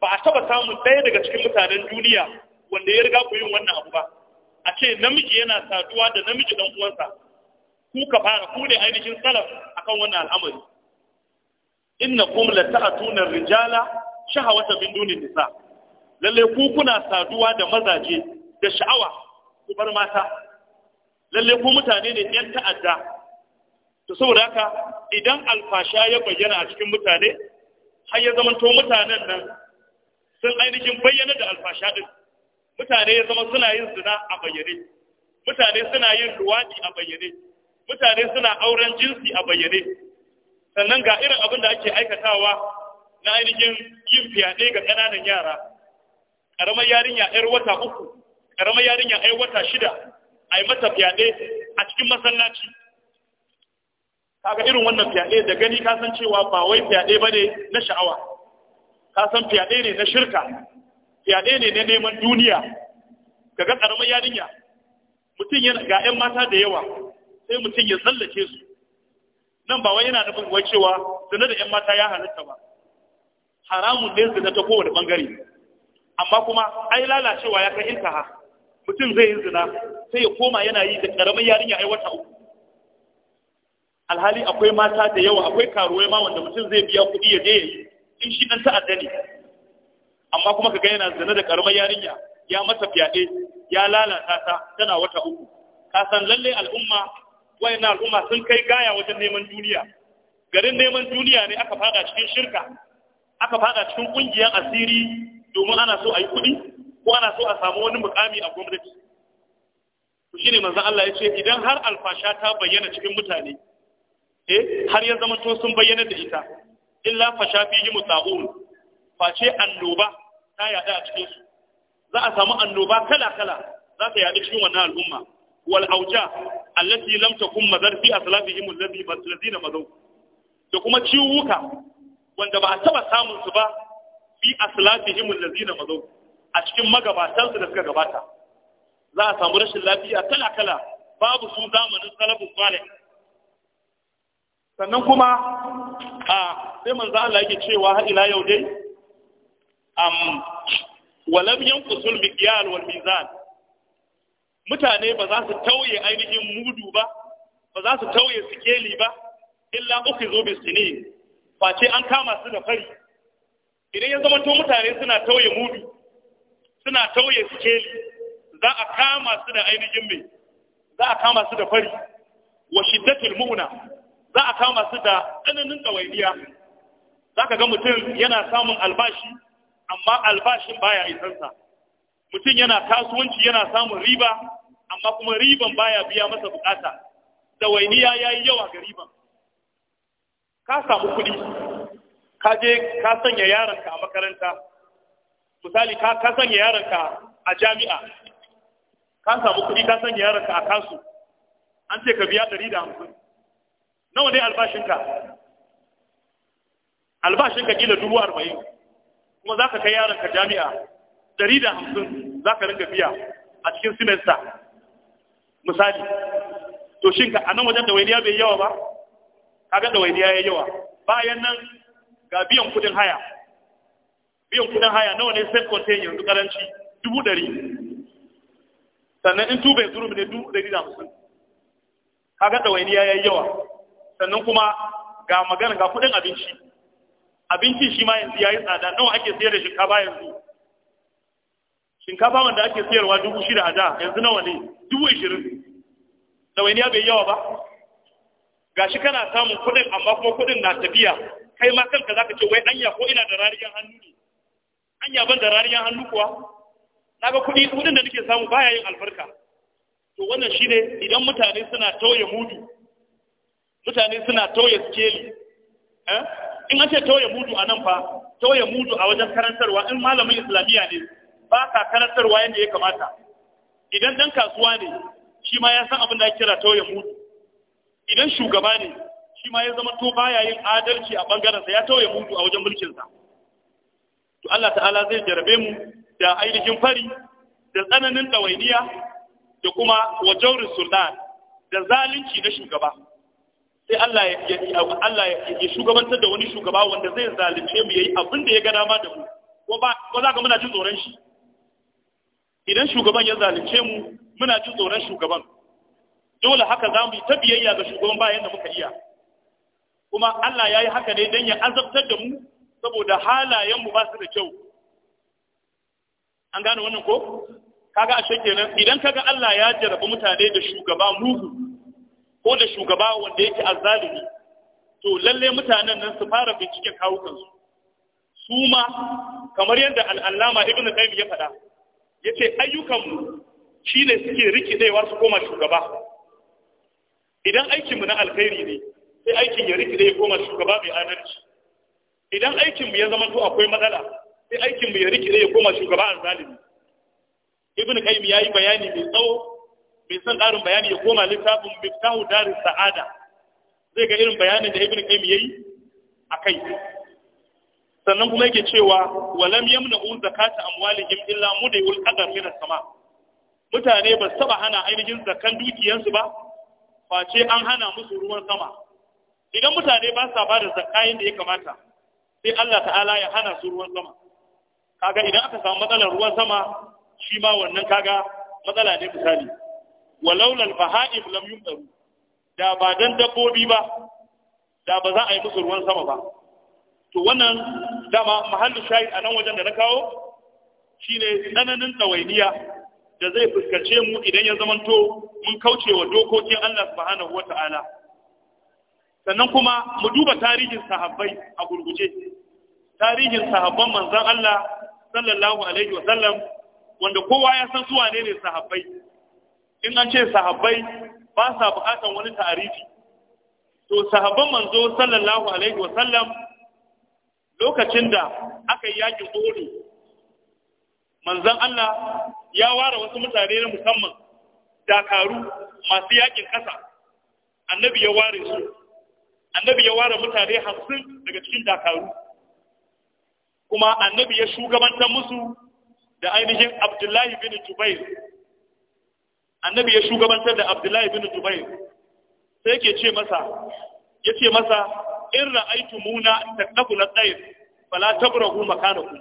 ba a taba samun ɗaya daga cikin mutanen duniya wanda ya riga ku yin wannan abu ba a ce namiji yana saduwa da namiji dan uwansa ku ka fara ku ne ainihin salaf akan wannan al'amari innakum la ta'tuna rijala shahawata min dunin nisa' lalle ku kuna saduwa da mazaje da sha'awa ku bar mata lalle ku mutane ne yan ta'adda to saboda haka idan alfasha ya bayyana a cikin mutane har ya zama to mutanen nan sun ainihin bayyana da alfasha din mutane ya zama suna yin zina a bayyane mutane suna yin luwadi a bayyane mutane suna auren jinsi a bayyane sannan ga irin abin da ake aikatawa na ainihin yin fyaɗe ga ƙananan yara karamar yarinya yar wata uku karamar yarinya yar wata shida a yi mata fyaɗe a cikin masallaci kaga irin wannan fyaɗe da gani ka san cewa ba wai fyaɗe ba ne na sha'awa ka san fyaɗe ne na shirka fyaɗe ne na neman duniya ga ga karamar yarinya mutum yana ga 'yan mata da yawa sai mutum ya tsallake su nan ba wai yana nufin wai cewa zina da 'yan mata ya halitta ba haramun ne zina ta kowane bangare amma kuma ai lalacewa ya kai intaha mutum zai yi zina sai ya koma yana yi da karamin yarinya ai wata uku alhali akwai mata da yawa akwai karuwai ma wanda mutum zai biya kuɗi ya je ya yi in shi dan ta'adda ne amma kuma kaga yana zina da karamin yarinya ya mata fyaɗe ya lalata ta tana wata uku ka san lalle al'umma wayan al'umma sun kai gaya wajen neman duniya garin neman duniya ne aka fada cikin shirka aka fada cikin kungiyar asiri domin ana so a yi kuɗi ko ana so a samu wani mukami a gwamnati to ne, manzon Allah ya ce idan har alfasha ta bayyana cikin mutane eh har ya zama to sun bayyana da ita illa fasha fihi mutahun face annoba ta yaɗa a cikin su za a samu annoba kala kala za ta yada cikin wannan al'umma wal auja allati lam takun madar fi aslafihim allazi lazina mazau. da kuma ciwuka wanda ba a taba samun su ba fi aslatihim allazina mazaw a cikin su da suka gabata za a samu rashin lafiya kala kala babu su zamanin salafu salih sannan kuma a sai manzo Allah yake cewa har ila yau dai am lam yanqusul miqyal wal mizan mutane ba za su tauye ainihin mudu ba ba za su tauye sikeli ba illa uku zo bi sinin face an kama su da fari idan ya zama to mutane suna tauye mudu suna tauye sikeli za a kama su da ainihin mai za a kama su da fari wa shiddatul mu'na za a kama su da tsananin ɗawainiya za ka ga mutum yana samun albashi amma albashin baya isansa mutum yana kasuwanci yana samun riba amma kuma riban baya biya masa bukata ɗawainiya ya yi yawa ga riban ka samu kuɗi ka je ka sanya yaranka a makaranta misali ka sanya yaranka a jami'a ka samu kuɗi ka sanya yaranka a kasu an ce ka biya ɗari da hamsin nawa ne albashinka albashinka kila dubu arba'in kuma za ka kai yaranka jami'a ɗari da hamsin za ka ringa biya a cikin simesta misali to shinka a nan wajen da ya bai yawa ba kaga ɗawainiya ya yi yawa bayan nan ga biyan kudin haya biyan kudin haya nawa ne safe container yanzu karanci dubu ɗari sannan in tube zuru ne dubu ɗari da hamsin kaga ɗawainiya ya yi yawa sannan kuma ga magana ga kudin abinci abinci shi ma yanzu ya yi tsada nawa ake sayar da shinkafa yanzu shinkafa wanda ake sayarwa dubu shida a da yanzu nawa ne dubu ishirin ɗawainiya bai yawa ba gashi kana samun kudin amma kuma kudin na tafiya kai ma kanka zaka ce wai anya ko ina da rariyan hannu ne anya ban da rariyan hannu kuwa naga kuɗi kuɗin da nake samu baya yin albarka to wannan shine idan mutane suna tauye mudu mutane suna tauye skeli eh in ace ce tauye mudu a nan fa tauye mudu a wajen karantarwa in malamin islamiyya ne ba ka karantarwa yadda ya kamata idan dan kasuwa ne shi ma ya san abin da ake kira tauye mudu idan shugaba ne shi ma ya zama to baya yin adalci a bangaren sa ya tauye mutu a wajen mulkin sa to Allah ta'ala zai jarabe mu da ainihin fari da tsananin dawainiya da kuma wajen sultan da zalunci na shugaba sai Allah ya Allah ya shugabantar da wani shugaba wanda zai zalunce mu yayi abin da ya ga dama da mu ko ba ko za ka muna jin tsoron shi idan shugaban ya zalunce mu muna jin tsoron shugaban dole haka za mu yi ta biyayya ga shugaban bayan da muka iya kuma Allah ya yi haka ne don ya azabtar da mu saboda halayenmu ba su da kyau an gane wannan ko kaga ashe kenan idan kaga Allah ya jarrabi mutane da shugaba muhu ko da shugaba wanda yake azzalimi to lalle mutanen nan su fara binciken kawukansu su ma kamar yadda al'allama ibn qayyim ya faɗa ce ayyukanmu shi ne suke rikidewar su koma shugaba idan aikinmu na alkhairi ne sai aikin ya rikide ya koma shugaba mai adalci idan aikin mu ya zama to akwai matsala sai aikin mu ya rikide ya koma shugaba azzalimi ibn qayyim yayi bayani mai tsawo mai son ƙarin bayani ya koma littafin miftahu sa'ada zai ga irin bayanin da ibn qayyim yayi akai sannan kuma yake cewa walam yamna'u zakata amwalihim illa mudayul qadar min as-sama mutane ba saba hana ainihin zakan dukiyansu ba face an hana musu ruwan sama idan mutane ba sa ba da zakayin da ya kamata sai Allah ta'ala ya hana su ruwan sama kaga idan aka samu matsalar ruwan sama shi ma wannan kaga matsala ne misali walaula alfahaib lam yumdaru da ba dan dabbobi ba da ba za a yi musu ruwan sama ba to wannan dama mahallu shahid a nan wajen da na kawo shine tsananin tsawainiya da zai fuskace mu idan ya zamanto mun kauce wa dokokin Allah subhanahu wata'ala sannan kuma mu duba tarihin sahabbai a gurguje tarihin sahabban manzon Allah sallallahu alaihi wa sallam wanda kowa ya san su wane ne sahabbai in an ce sahabbai ba sa bukatan wani tarihi to sahabban manzo sallallahu alaihi wa sallam lokacin da aka yi yakin Uhud manzon Allah ya ware wasu mutane na musamman dakaru masu yakin kasa annabi ya ware su annabi ya ware mutane hamsin daga cikin dakaru kuma annabi ya shugabantar musu da ainihin abdullahi bin jubair annabi ya shugabantar da abdullahi bin jubair sai yake ce masa ya ce masa in ra'aitu muna taqabula Bala fala tabrahu makanaku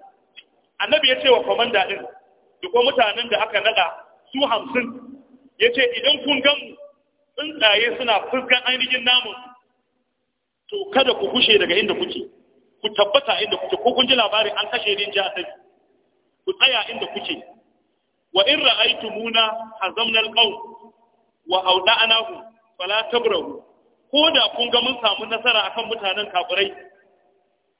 annabi ya ce wa komanda din duk mutanen da aka naɗa su hamsin ya ce idan kun gan tsuntsaye suna fuskan ainihin namun to kada ku kushe daga inda kuke ku tabbata inda kuke ko kun ji labarin an kashe din ji asali ku tsaya inda kuke wa in ra'aytumuna hazamna alqaw wa awda'anahu fala tabrahu ko da kun ga mun samu nasara akan mutanen kafirai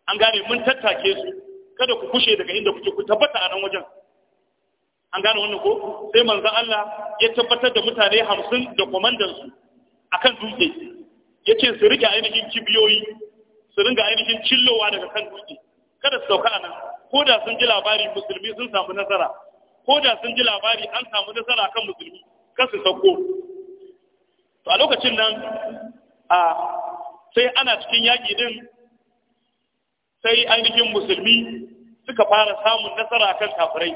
an gane mun tattake su kada ku kushe daga inda kuke ku tabbata a nan wajen an gane wannan ko sai manzon Allah ya tabbatar da mutane 50 da komandan su akan dutse ya ce su rike ainihin kibiyoyi su ringa ainihin cillowa daga kan dutse kada su sauka nan ko da sun ji labari musulmi sun samu nasara ko da sun ji labari an samu nasara kan musulmi ka su sauko to a lokacin nan a sai ana cikin yaƙi din sai ainihin musulmi suka fara samun nasara akan kafirai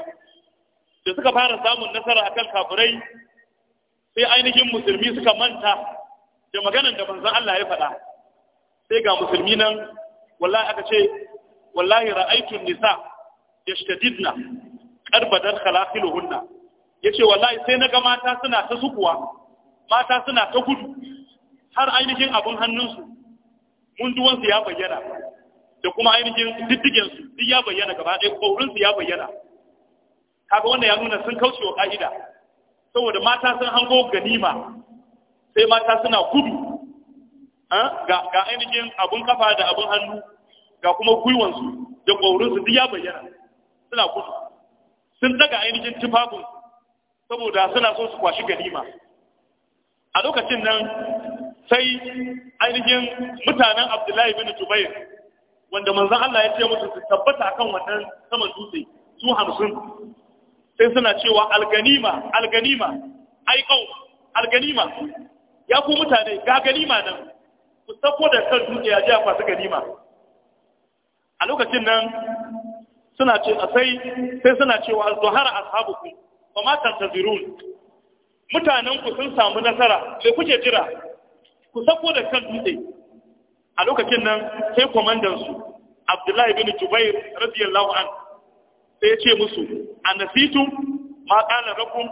da suka fara samun nasara akan kafirai sai ainihin musulmi suka manta da maganan da manzon Allah ya faɗa sai ga musulmi nan wallahi aka ce wallahi ra'aytu nisa yashtadidna qarbadan khalaqiluhunna yace wallahi sai naga mata suna ta sukuwa mata suna ta gudu har ainihin abun hannunsu munduwansu ya bayyana da kuma ainihin su duk ya bayyana gaba ɗaya su ya bayyana kaga wanda ya nuna sun kaucewa ka'ida saboda mata sun hango ganima sai mata suna kudu ga ainihin abun kafa da abun hannu ga kuma gwiwansu da ƙwaurinsu duk ya bayyana suna kudu sun daga ainihin tufafin saboda suna so su kwashi ganima a lokacin nan sai ainihin mutanen abdullahi bin jubair wanda manzan Allah ya ce musu su tabbata kan wannan saman dutse su hamsin sai suna cewa alganima alganima ai alganima ya ku mutane ga ganima nan ku sako da kan dutse a jiya kwasu ganima a lokacin nan suna ce a sai sai suna cewa zuhara ashabukum wa ma tantazirun mutanen ku sun samu nasara me kuke jira ku sako da kan dutse a lokacin nan sai komandan su Abdullahi bin Jubair radiyallahu an sai ya ce musu annasitum ma qala rabbukum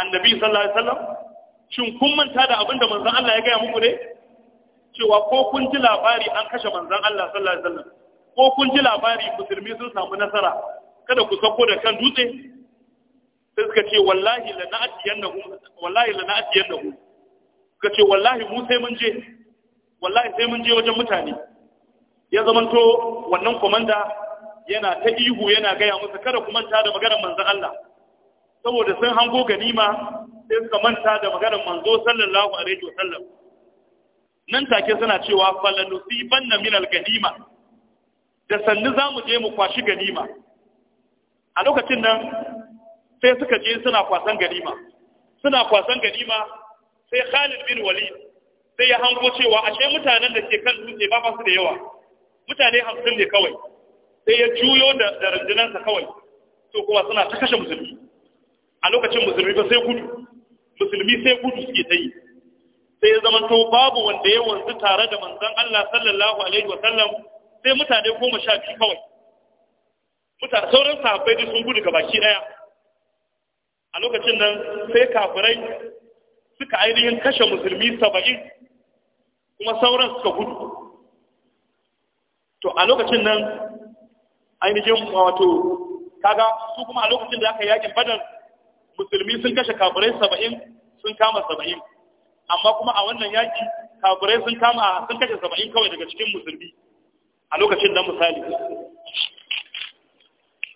annabi sallallahu alaihi wasallam shin kun manta da abinda manzon Allah ya gaya muku ne cewa ko kun ji labari an kashe manzon Allah sallallahu alaihi wasallam ko kun ji labari musulmi sun samu nasara kada ku sako da kan dutse sai suka ce wallahi la na'tiyannahum wallahi la na'tiyannahum suka ce wallahi mu sai mun je wallahi sai mun je wajen mutane ya zamanto wannan komanda yana ta ihu yana gaya musu kada ku manta da maganar manzon Allah saboda sun hango ganima sai suka manta da maganar manzo sallallahu alaihi wa sallam nan take suna cewa falanusiban banna minal ganima da sannu za mu je mu kwashi ganima a lokacin nan sai suka je suna kwasan ganima suna kwasan ganima sai khalid bin walid sai ya hango cewa ashe mutanen da ke kan dutse ba su da yawa mutane hamsin ne kawai sai ya juyo da rundunansa kawai to kuma suna ta kashe musulmi a lokacin musulmi ba sai gudu musulmi sai gudu suke ta yi sai ya zama to babu wanda ya wanzu tare da manzan Allah sallallahu alaihi wasallam sai mutane goma sha biyu kawai mutane sauran sahabbai duk sun gudu gabaki daya a lokacin nan sai kafirai suka ainihin kashe musulmi saba'in kuma sauran suka gudu to a lokacin nan ainihin wato kaga su kuma a lokacin da aka yakin badar musulmi sun kashe kafirai saba'in sun kama saba'in amma kuma a wannan yaƙi kafirai sun kama sun kashe saba'in kawai daga cikin musulmi a lokacin da misali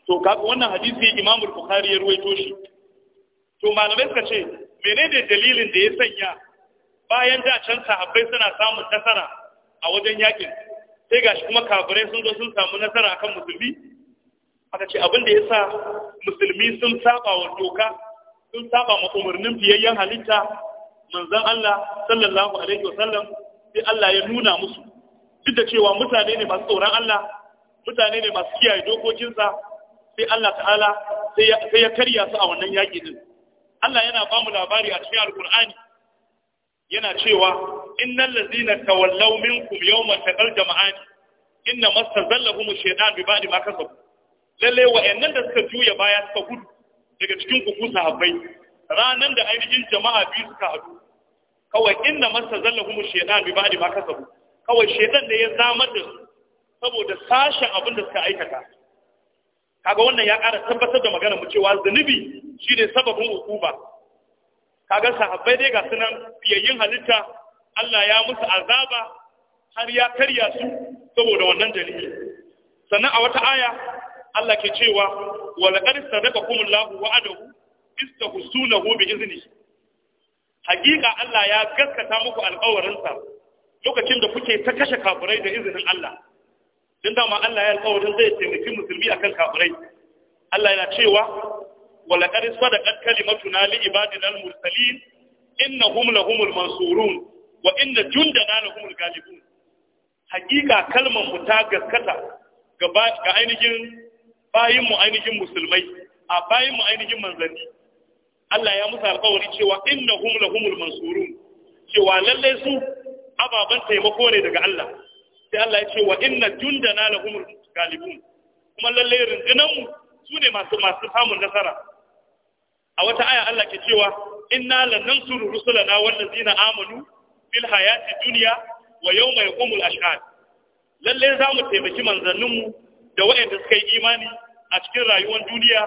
to kafin wannan hadisi imamul bukhari ya ruwaito shi to malamai suka ce menene dalilin da ya sanya bayan da can sahabbai suna samun nasara a wajen yakin sai gashi kuma kafirai sun zo sun samu nasara akan musulmi aka ce abin da yasa musulmi sun saba wa doka sun saba ma umarnin fiyayyen halitta manzon Allah sallallahu alaihi wasallam sai Allah ya nuna musu duk da cewa mutane ne masu tsoron Allah mutane ne masu kiyaye dokokinsa sai Allah ta'ala sai ya karya su a wannan yaƙi din Allah yana ba mu labari a cikin alkur'ani yana cewa innal ladzina tawallaw minkum yawma taqal jama'an inna mastazallahum mu shaytan bi ba'di ma kasabu lalle wa'annan da suka juya baya suka gudu daga cikin kuku sahabbai ranan da ainihin jama'a biyu suka haɗu kawai inna masa kuma shaytan bi ba'di ma kasabu kawai shaytan ne ya zama da su saboda sashen abin da suka aikata kaga wannan ya ƙara tabbatar da magana mu cewa zunubi shine sababin hukuma kaga sahabbai dai ga sunan biyayyin halitta Allah ya musu azaba har ya karya su saboda wannan dalili sannan a wata aya Allah ke cewa wa laqad sadaqakum Allahu wa'adahu istahsunahu bi izini. hakika Allah ya gaskata muku alƙawarinsa lokacin da kuke ta kashe kafirai da izinin Allah dan dama Allah ya alƙawarin zai taimaki musulmi akan kafirai Allah yana cewa wa laqad sadaqat kalimatuna li ibadina al-mursalin innahum lahumul mansurun wa inna jundana lahumul galibun hakika kalmar mu ta gaskata ga ainihin bayin mu ainihin musulmai a bayin mu ainihin manzanni Allah ya musa alƙawari cewa innahum lahumul mansurun cewa lalle su ababan taimako ne daga Allah sai Allah ya ce wa inna jundana lahumul galibun kuma lalle rundunan mu su ne masu masu samun nasara a wata aya Allah ke cewa inna lanansuru rusulana wallazina amanu fil hayati dunya wa yawma yaqumul ashhad lalle za mu taimaki manzanninmu da waɗanda suka yi imani a cikin rayuwar duniya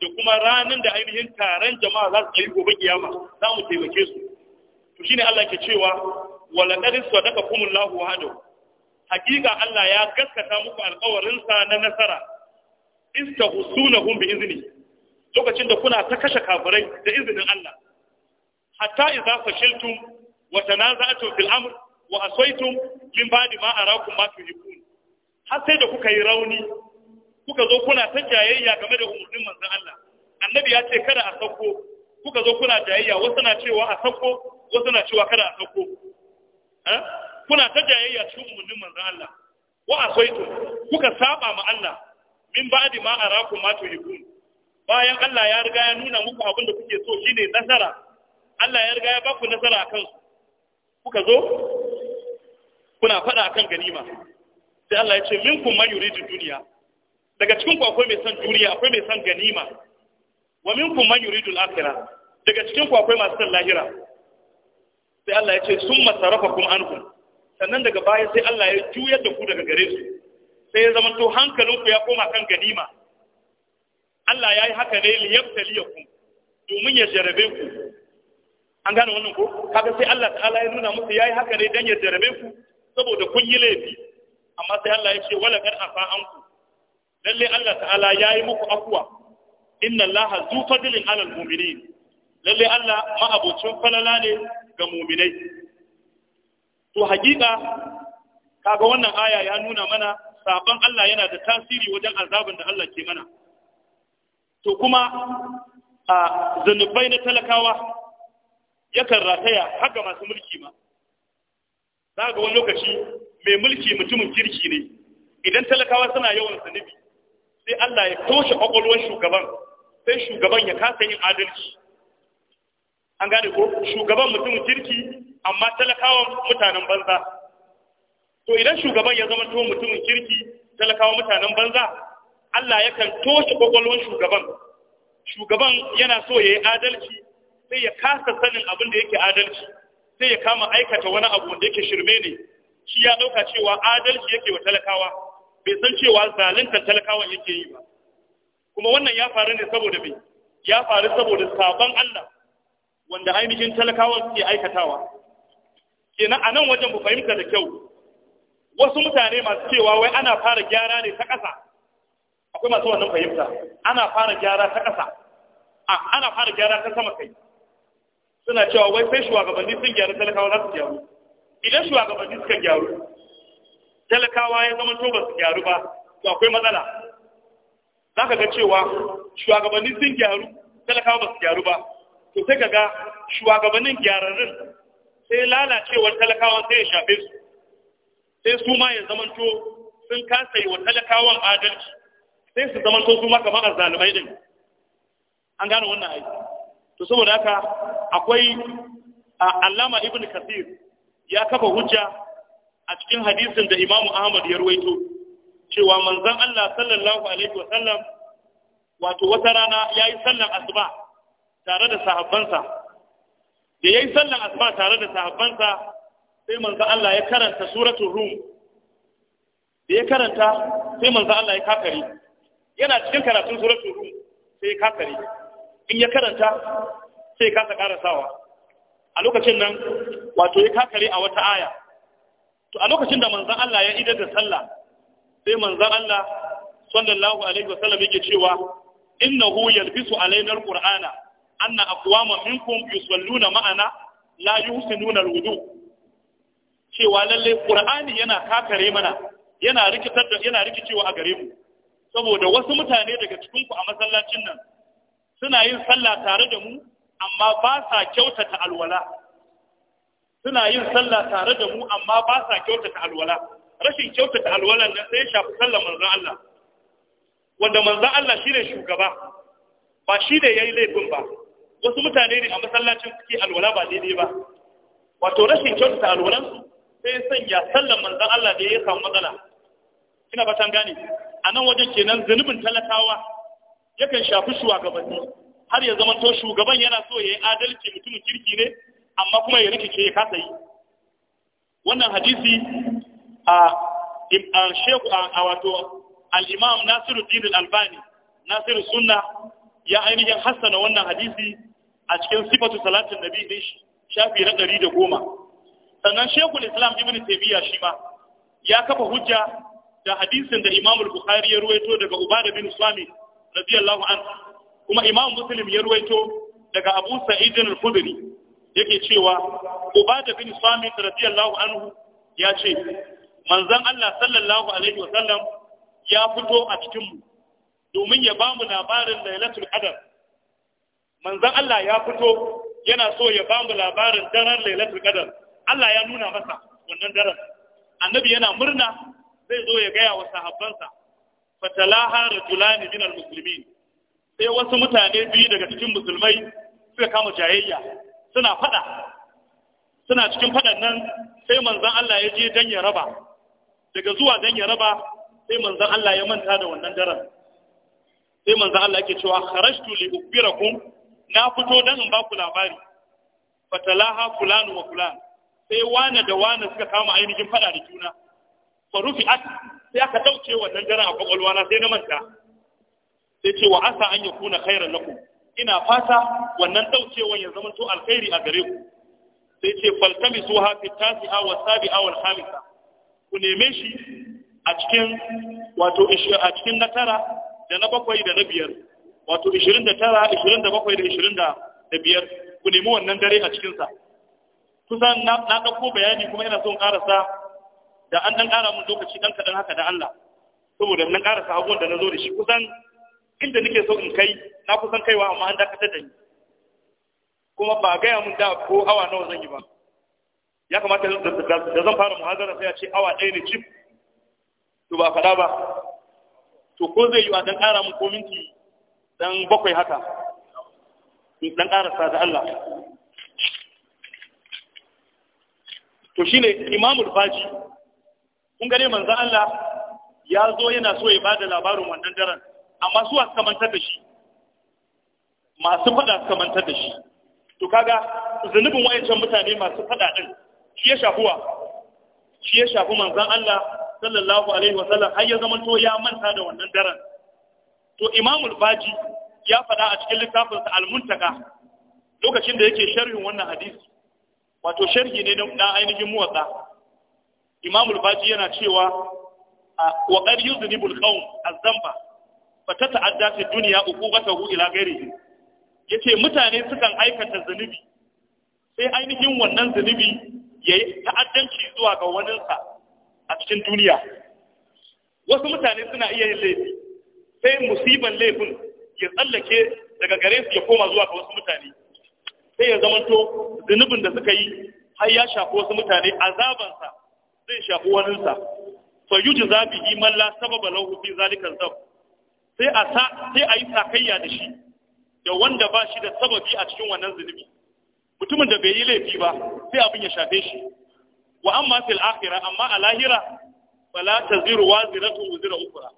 da kuma ranar da ainihin taron jama'a za su ɗari gobe kiyama za mu taimake su to shine Allah ke cewa wala qadis kumun lahu, wahdahu hakika Allah ya gaskata muku alƙawarin sa na nasara istahsunahum bi izini. lokacin da kuna ta kashe kafirai da izinin Allah hatta idza fashiltum wa tanaza'tum fil amr wa asaytum min ba'di ma arakum ma har sai da kuka yi rauni kuka zo kuna ta jayayya game da umarnin manzon Allah annabi ya ce kada a sauko kuka zo kuna jayayya wasu na cewa a sauko wasu na cewa kada a sauko kuna ta jayayya cikin umarnin manzon Allah wa asaitu kuka saba ma Allah min ba'di ma arakum ma tuhibun bayan Allah ya riga ya nuna muku abin da kuke so shine nasara Allah ya riga ya baku nasara akan su kuka zo kuna faɗa akan ganima sai Allah ya ce minkum man yuridu duniya daga cikin ku akwai mai son duniya akwai mai son ganima wa minkum man yuridu al-akhirah daga cikin ku akwai masu son lahira sai Allah ya ce summa sarafakum ankum sannan daga baya sai Allah ya juyar da ku daga gare su sai ya zamanto hankalinku ya koma kan ganima Allah ya yi haka ne liyabtaliyakum domin ya jarabe ku an gane wannan ko kaga sai Allah ta'ala ya nuna musu yayi haka ne dan ya jarabe ku saboda kun yi laifi amma sai Allah ya ce wala kar afa anku lalle Allah ta'ala yayi muku afwa inna Allah zu fadlin 'alal mu'minin lalle Allah ma'abocin falala ne ga mu'minai to hakika kaga wannan aya ya nuna mana sabon Allah yana da tasiri wajen azabin da Allah ke mana to kuma a zanubai na talakawa yakan rataya ga masu mulki ma za ga wani lokaci mai mulki mutumin kirki ne idan talakawa suna yawan zunubi sai Allah ya toshe kwakwalwar shugaban sai shugaban ya kasa yin adalci an gane ko shugaban mutumin kirki amma talakawa mutanen banza to idan shugaban ya zama to mutumin kirki talakawa mutanen banza Allah yakan toshe kwakwalwar shugaban shugaban yana so ya yi adalci sai ya kasa sanin abin da yake adalci sai ya kama aikata wani abu da yake shirme ne shi ya dauka cewa adalci yake wa talakawa bai san cewa zaluntar talakawan yake yi ba kuma wannan ya faru ne saboda me ya faru saboda sabon Allah wanda ainihin talakawan suke aikatawa kenan a nan wajen ku fahimta da kyau wasu mutane masu cewa wai ana fara gyara ne ta ƙasa akwai masu wannan fahimta ana fara gyara ta ƙasa ana fara gyara ta sama kai suna cewa wai sai shugabanni sun gyara talakawa za su gyaru idan shugabanni suka gyaru talakawa ya zama to ba su gyaru ba to akwai matsala za ka ga cewa shugabanni sun gyaru talakawa ba su gyaru ba to sai ka ga shugabannin gyararrun sai lalacewar talakawa sai ya shafe su sai su ma ya zama to sun kasa yi wa talakawan adalci sai su zama to su ma kamar azzalumai din an gane wannan aiki to saboda haka akwai allama ibn kasir ya kafa hujja a cikin hadisin da imamu ahmad ya ruwaito cewa manzon Allah sallallahu alaihi wa sallam wato wata rana yayi sallan asuba tare da sahabbansa da yayi sallan asuba tare da sahabbansa sai manzon Allah ya karanta suratul rum da ya karanta sai manzon Allah ya kakare yana cikin karatun suratul rum sai ya kakare in ya karanta sai ya kasa karasawa a lokacin nan wato ya kakare a wata aya to a lokacin da manzan Allah ya idar da sallah sai manzan Allah sallallahu alaihi wasallam yake cewa innahu yalbisu alaina alqur'ana anna aqwama minkum yusalluna ma'ana la yuhsinuna alwudu cewa lalle qur'ani yana kakare mana yana rikitar da yana rikicewa a gare mu saboda wasu mutane daga cikin ku a masallacin nan suna yin sallah tare da mu amma ba sa kyautata alwala suna yin sallah tare da mu amma ba sa kyautata alwala rashin kyautata alwalan nan sai ya shafi sallar manzon Allah wanda manzon Allah shine shugaba ba shi ne yayi laifin ba wasu mutane ne a masallacin suke alwala ba daidai ba wato rashin kyautata alwalansu sai ya sanya sallar manzon Allah da ya samu matsala ina ba tan gane Anan wajen kenan zanubin talakawa yakan shafi shugabanni har ya zama to shugaban yana so ya yi adalci mutumin kirki ne amma kuma ya rikice ya kasa yi wannan hadisi a sheku a wato al'imam nasiru din albani nasiru sunna ya ainihin hassana wannan hadisi a cikin sifatu salatin nabi din shi shafi na ɗari da goma sannan shekul islam ibn taimiyya shi ma ya kafa hujja da hadisin da imamul bukhari ya ruwaito daga Uba da bin swami radiyallahu anhu kuma imam muslim ya ruwaito daga abu sa'idin al-khudri yake cewa ubada bin samit radiyallahu anhu ya ce manzon Allah sallallahu alaihi wasallam ya fito a cikin mu domin ya bamu labarin lailatul qadar manzon Allah ya fito yana so ya bamu labarin daren lailatul qadar Allah ya nuna masa wannan daren annabi yana murna zai zo ya gaya wa sahabbansa fatalaha rajulani min al-muslimin sai wasu mutane biyu daga cikin musulmai suka kama jayayya suna fada suna cikin fadan nan sai manzon Allah ya je dan ya raba daga zuwa dan ya raba sai manzon Allah ya manta da wannan daren sai manzon Allah yake cewa kharajtu li ukbirakum na fito dan in ba ku labari fatalaha fulanu wa fulan sai wane da wane suka kama ainihin fada da juna farufi at sai aka dauke wannan daren a kwakwalwa na sai na manta sai ce wa asa an yakuna khairan lakum ina fata wannan daukewan ya zama to alkhairi a gare ku sai ce faltamisu ha fi tasi'a wa sabi'a wal khamisa ku neme shi a cikin wato a cikin na tara da na bakwai da na biyar wato 29 27 da 25 ku nemi wannan dare a cikin sa kusan na ɗauko bayani kuma ina son ƙarasa da an ɗan ƙara mun lokaci ɗan kaɗan haka da Allah saboda nan ƙarasa abubuwan da na zo da shi kusan inda nake so in kai na kusan kaiwa amma an dakatar da ni kuma ba gaya mun da ko awa nawa zan yi ba ya kamata da zan fara muhazara sai a ce awa ɗaya ne cif to ba faɗa ba to ko zai yi a dan ƙara mu kominti dan bakwai haka dan sa da Allah to shine imamul faji kun gane manzo Allah ya zo yana so ya bada labarin wannan daren amma su suka manta da shi masu fada suka manta da shi to kaga zunubin wayancan mutane masu fada din shi ya shafuwa shi ya shafi manzan Allah sallallahu alaihi wa sallam har ya zamanto ya manta da wannan daren to imamul baji ya faɗa a cikin littafinsa al-muntaka lokacin da yake sharhin wannan hadisi wato sharhi ne na ainihin muwatsa imamul baji yana cewa wa qad yuznibul qawm az-zamba fata ta'adda fi duniya uqubatahu ila Ya yace mutane sukan aikata zunubi sai ainihin wannan zunubi yayi ta'addanci zuwa ga waninsa a cikin duniya wasu mutane suna iya yin laifi sai musiban laifin ya tsallake daga gare su ya koma zuwa ga wasu mutane sai ya zamanto zunubin da suka yi har ya shafi wasu mutane azabansa zai shafi waninsa fa yujza bihi man la sababa lahu fi zalika zab sai a sa sai a yi sakayya da shi da wanda ba shi da sababi a cikin wannan zunubi mutumin da bai yi laifi ba sai abin ya shafe shi wa amma fil akhira amma a lahira fala taziru waziratu wazira ukra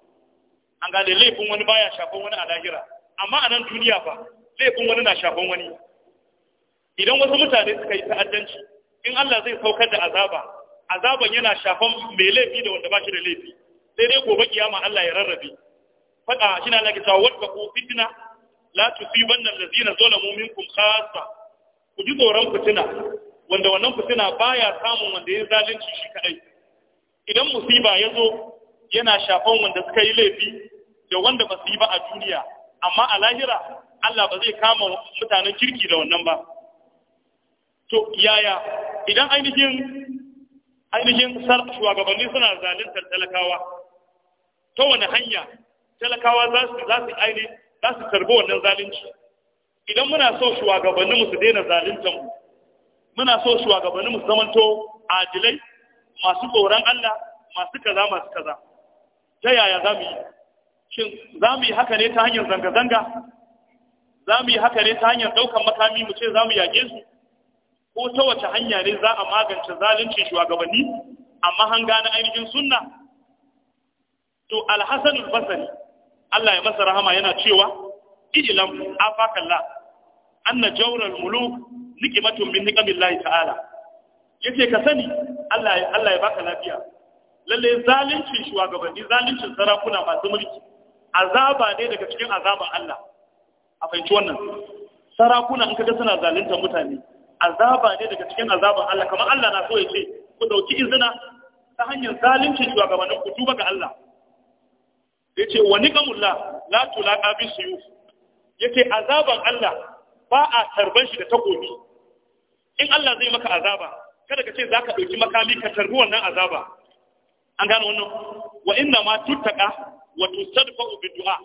an gane laifin wani baya shafan wani a lahira amma a nan duniya fa laifin wani na shafan wani idan wasu mutane suka yi ta'addanci in Allah zai saukar da azaba azaban yana shafan mai laifi da wanda ba shi da laifi sai dai gobe kiyama Allah ya rarrabe Faɗa shi na Allah ke cewa wadda ku fitina la zina allazina zalamu kun kasa ku ji tsoron fitina wanda wannan fitina baya samun wanda ya zalunci shi kaɗai. idan musiba ya zo yana shafan wanda suka yi laifi da wanda ba su yi ba a duniya amma a lahira Allah ba zai kama mutanen kirki da wannan ba to yaya idan ainihin ainihin shugabanni suna zaluntar talakawa ta wani hanya talakawa za su za su aini za su karbi wannan zalunci idan muna so shugabannin mu su daina zaluntan mu muna so shugabannin mu zamanto adilai masu tsoron Allah masu kaza masu kaza ta yaya za mu yi shin za mu yi haka ne ta hanyar zanga-zanga za mu yi haka ne ta hanyar ɗaukar makami mu ce za mu yage su ko ta wace hanya ne za a magance zalunci shugabanni amma hanga na ainihin sunna to alhassan basari Allah ya masa rahama yana cewa ijilam afakalla anna jawral muluk nikmatun min nikamillahi ta'ala yace ka sani Allah ya Allah ya baka lafiya lalle zalincin shugabanni zalincin sarakuna masu mulki azaba ne daga cikin azaban Allah a fahimci wannan sarakuna in kaga suna zalunta mutane azaba ne daga cikin azaban Allah kamar Allah na so ya ce ku dauki izina ta hanyar zalincin shugabannin ku tuba ga Allah Ya ce Wani niqamullah la tulaqa bi Ya ce azaban Allah ba a tarban shi da takobi in Allah zai maka azaba kada ka ce za ka ɗauki makami ka tarbi wannan azaba an gano wannan wa inna ma tuttaka wa tustadfa bi du'a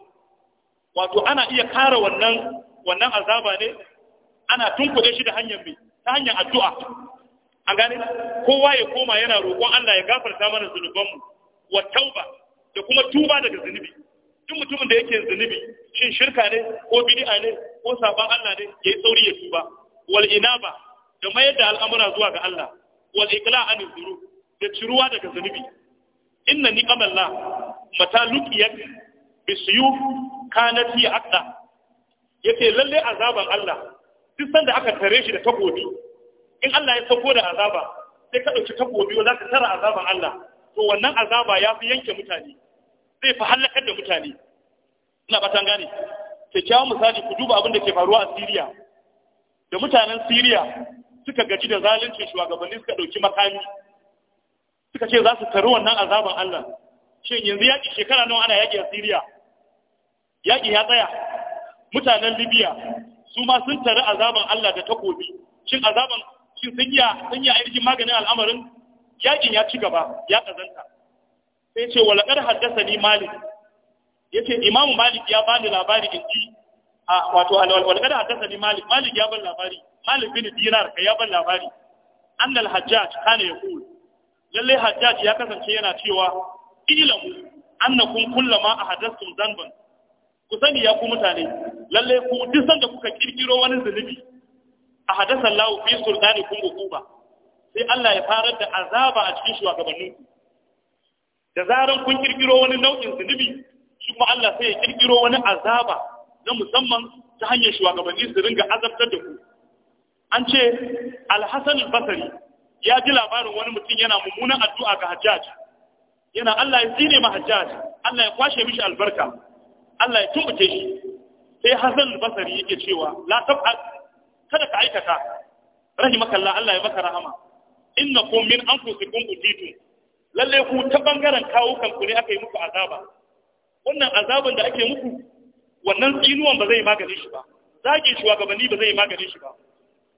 wato ana iya kara wannan wannan azaba ne ana tunkuɗe shi da hanyar mai ta hanyar addu'a an gane kowa ya koma yana roƙon Allah ya gafarta mana zunubanmu wa tauba da kuma tuba daga zunubi duk mutumin da yake zunubi shin shirka ne ko bid'a ne ko saban Allah ne ya yi sauri ya tuba wal inaba da mayar da al'amura zuwa ga Allah wal ikla an zuru da ciruwa daga zunubi inna ni amalla mata luqiyat bisuyuf kanat hi aqda yace lalle azaban Allah duk sanda aka tare shi da takobi in Allah ya sauko da azaba sai ka dauki takobi wanda ka tara azaban Allah to wannan azaba ya fi yanke mutane zai fi hallakar da mutane ina batan gane kyakkyawan misali ku duba abin da ke faruwa a Siriya da mutanen Siriya suka gaji da zalunci shugabanni suka ɗauki makami suka ce za su taru wannan azaban Allah shin yanzu yaƙi shekara nawa ana yaƙi a Siriya Yaƙi ya tsaya mutanen Libya su ma sun taru azaban Allah da takobi shin azaban shin sun iya a maganin al'amarin Yaƙin ya ci gaba ya ƙazanta. sai ce walakar haddasa ni malik ya ce imamu malik ya bani labari in ji a wato walakar haddasa ni malik malik ya ban labari malik bin dinar ka ya ban labari annal hajjaj kana ya kula lalle hajjaj ya kasance yana cewa ilamu annakum kullama ahadattum zanban ku sani ya ku mutane lalle ku duk sanda kuka kirkiro wani zunubi ahadasa lahu fi sultanikum ba. sai Allah ya farar da azaba a cikin ku. da zarar kun kirkiro wani nau'in zunubi shi kuma Allah sai ya kirkiro wani azaba na musamman ta hanyar shugabanni su ringa azabtar da ku an ce alhassan basari ya ji labarin wani mutum yana mummunan addu'a ga hajjaj yana Allah ya tsine ma hajjaj Allah ya kwashe mishi albarka Allah ya tumbuke shi sai hassan basari yake cewa la tab'ad kada ka aikata rahimakallah Allah ya maka rahama innakum min anfusikum utitu lalle ku ta bangaren kawo kanku ne aka yi muku azaba wannan azaban da ake muku wannan tsinuwan ba zai maganin shi ba zagin shugabanni ba zai maganin shi ba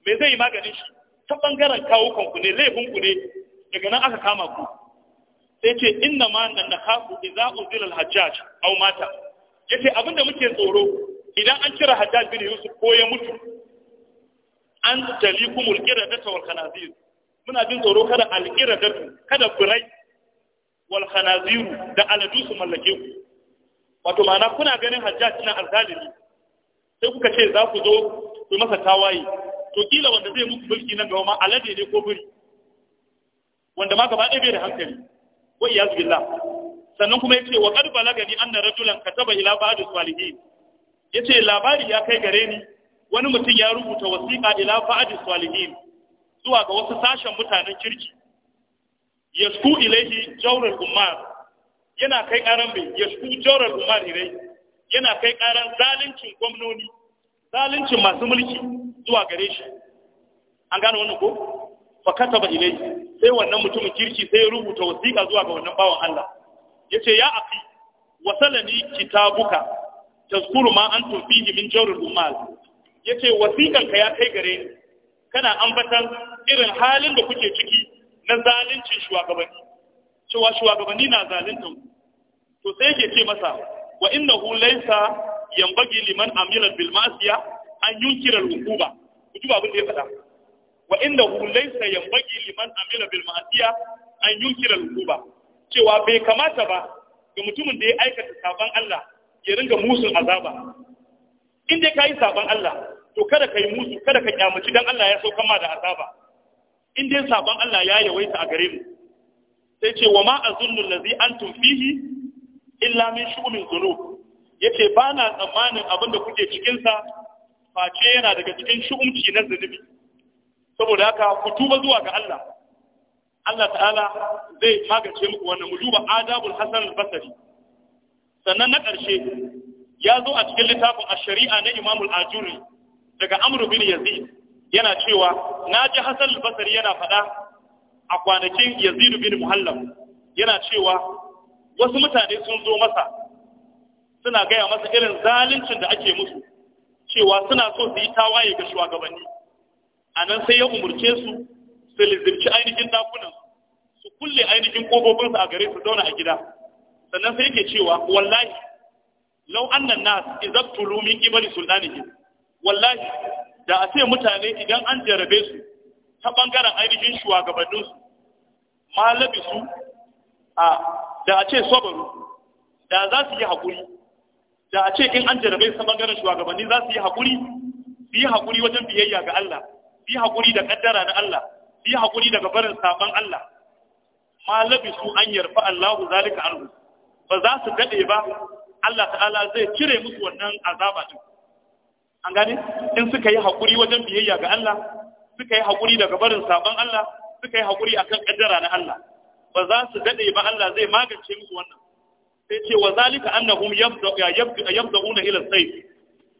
me zai maganin shi ta bangaren kawo kanku ne laifin ku ne daga nan aka kama ku sai ce inna ma nan na kafu idza uzila al-hajjaj aw mata yace abinda muke tsoro idan an kira hajjaj bin yusuf ko ya mutu an talikumul da wal khanazir muna jin tsoro kada al-qiradatu kada burai wal khanaziru da aladu su mallake ku wato ma'ana kuna ganin hajjaj na alzalimi sai kuka ce za ku zo ku masa tawaye to kila wanda zai muku mulki nan gaba ma alade ne ko biri wanda ma gaba ɗaya bai da hankali wa iyaz billah sannan kuma yace wa qad balagani anna rajulan kataba ila ba'di salihin yace labari ya kai gare ni wani mutum ya rubuta wasiƙa ila ba'di salihin zuwa ga wasu sashen mutanen kirki yasku ilaihi jawrul ummar yana kai karan bai yasku jawrul ummar ilai yana kai karan zaluncin gwamnoni zaluncin masu mulki zuwa gare shi an gane wannan ko fa kataba ilaihi sai wannan mutumin kirki sai ya rubuta wasiƙa zuwa ga wannan bawan Allah yace ya afi wasalani kitabuka tazkuru ma antum fihi min jawrul ummar yace ka ya kai gare ni kana ambatan irin halin da kuke ciki na zaluncin shugabanni cewa shugabanni na zaluntan to sai yake ce masa wa innahu laysa yanbaghi liman amila bil ma'siya an yunkira al hukuma kuji abin da ya faɗa wa innahu laysa yanbaghi liman amila bil ma'siya an yunkira al hukuma cewa bai kamata ba ga mutumin da ya aikata saban Allah ya ringa musul azaba in dai kai saban Allah to kada kai musu kada ka kyamaci dan Allah ya sauka ma da azaba in dai sabon Allah ya yawaita a gare mu sai ce wa ma azunnu allazi antum fihi illa min shu'min dhunub yace ba na tsammanin abin da kuke cikin sa face yana daga cikin shu'umci na zunubi saboda haka ku tuba zuwa ga Allah Allah ta'ala zai magance muku wannan mujuba adabul hasan al-basri sannan na ƙarshe ya zo a cikin littafin ash-shari'a na Imam al-Ajuri daga Amr bin Yazid yana cewa na ji hasan basari yana faɗa a kwanakin yazidu bin muhallam yana cewa wasu mutane sun zo masa suna gaya masa irin zaluncin da ake musu cewa suna so su yi tawaye ga shugabanni a nan sai ya umurce su su lizimci ainihin dakunan su kulle ainihin kofofinsu a gare su zauna a gida sannan sai yake cewa wallahi lau annan nas izabtu lumin ibali sultanihi wallahi da a ce mutane idan an jarabe su ta bangaren ainihin shugabanninsu, su su a da a ce sobaru da za su yi haƙuri da a ce in an jarabe su ta bangaren shugabanni za su yi haƙuri su yi haƙuri wajen biyayya ga Allah su yi haƙuri da ƙaddara na Allah su yi haƙuri daga barin sabon Allah malabi su an yarfa Allahu zalika anhu ba za su daɗe ba Allah ta'ala zai cire musu wannan azaba din an gane in suka yi hakuri wajen biyayya ga Allah suka yi haƙuri daga barin sabon Allah suka yi haƙuri akan kaddara na Allah ba za su dade ba Allah zai magance musu wannan sai ce wa zalika annahum yabda'una ila sayf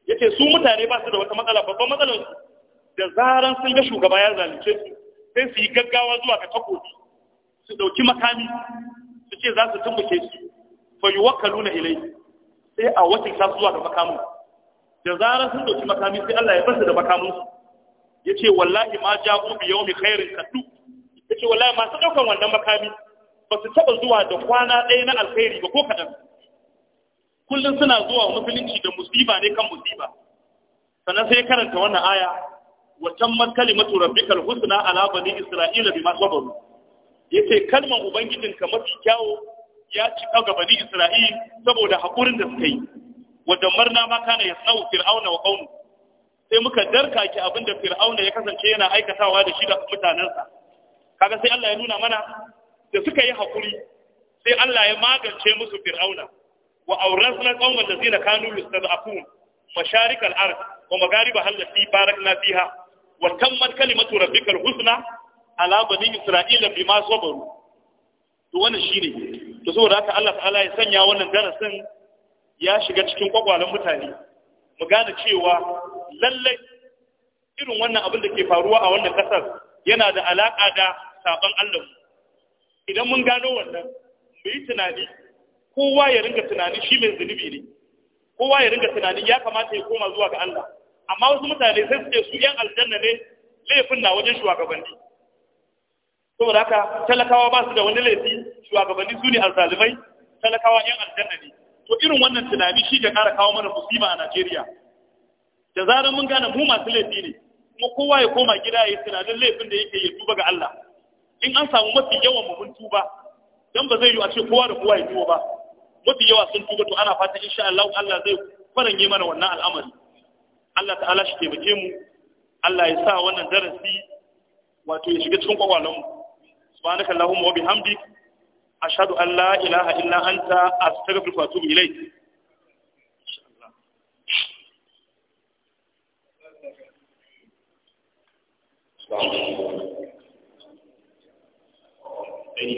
yace su mutane ba su da wata matsala babban matsalar su da zaran sun ga shugaba ya zalunce su sai su yi gaggawa zuwa ga takobi su dauki makami su ce za su tumbuke su fa yuwakkaluna ilayhi sai a wakilta zuwa ga makamin da zarar sun dauki makami sai Allah ya basu da makamin su yace wallahi ma ja'u bi yawmi khairin kaddu yace wallahi masu daukan wannan makami ba su taba zuwa da kwana ɗaya na alkhairi ba ko kadan kullum suna zuwa musulunci da musiba ne kan musiba sannan sai karanta wannan aya wa tammat kalimatu rabbikal husna ala bani isra'ila bima sabaru yace kalman ubangijinka mafi kyawo ya cika ga bani isra'il saboda hakurin da suka yi wa damarna ma kana yasnau fir'auna wa qaum sai muka darka ki abinda fir'auna ya kasance yana aikatawa da shi da mutanensa. kaga sai Allah ya nuna mana da suka yi hakuri sai Allah ya magance musu fir'auna wa awrasna qauman allazina kanu yastad'afun masharik al-ard wa magharibaha allati barakna fiha wa tammat kalimatu rabbikal husna ala bani isra'ila bima sabaru to wannan shine to saboda haka Allah ta'ala ya sanya wannan darasin ya shiga cikin kwakwalen mutane mu gane cewa lallai irin wannan abin da ke faruwa a wannan kasar yana da alaƙa da saban Allah idan mun gano wannan mu yi tunani kowa ya ringa tunani shi mai zunubi ne kowa ya ringa tunani ya kamata ya koma zuwa ga Allah amma wasu mutane sai suke su yan aljanna ne laifin na wajen shugabanni saboda haka talakawa ba su da wani laifi shugabanni su ne alzalimai talakawa yan aljanna ne to irin wannan tunani shi ke kara kawo mana musiba a Najeriya da zarar mun gane mu masu laifi ne kuma kowa ya koma gida ya yi tunanin laifin da yake ya tuba ga Allah in an samu mafi yawan mu mun tuba dan ba zai yi a ce kowa da kowa ya tuba ba mafi yawa sun tuba to ana fata insha Allah Allah zai farange mana wannan al'amari Allah ta'ala shi taimake mu Allah ya sa wannan darasi wato ya shiga cikin kwakwalon mu subhanakallahumma wa bihamdika أشهد أن لا إله إلا أنت أستغفرك وأتوب إليك Thank you.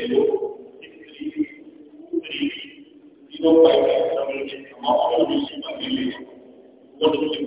ló pa ìgbà ìjọba ìjọba ọmọ ọdún sí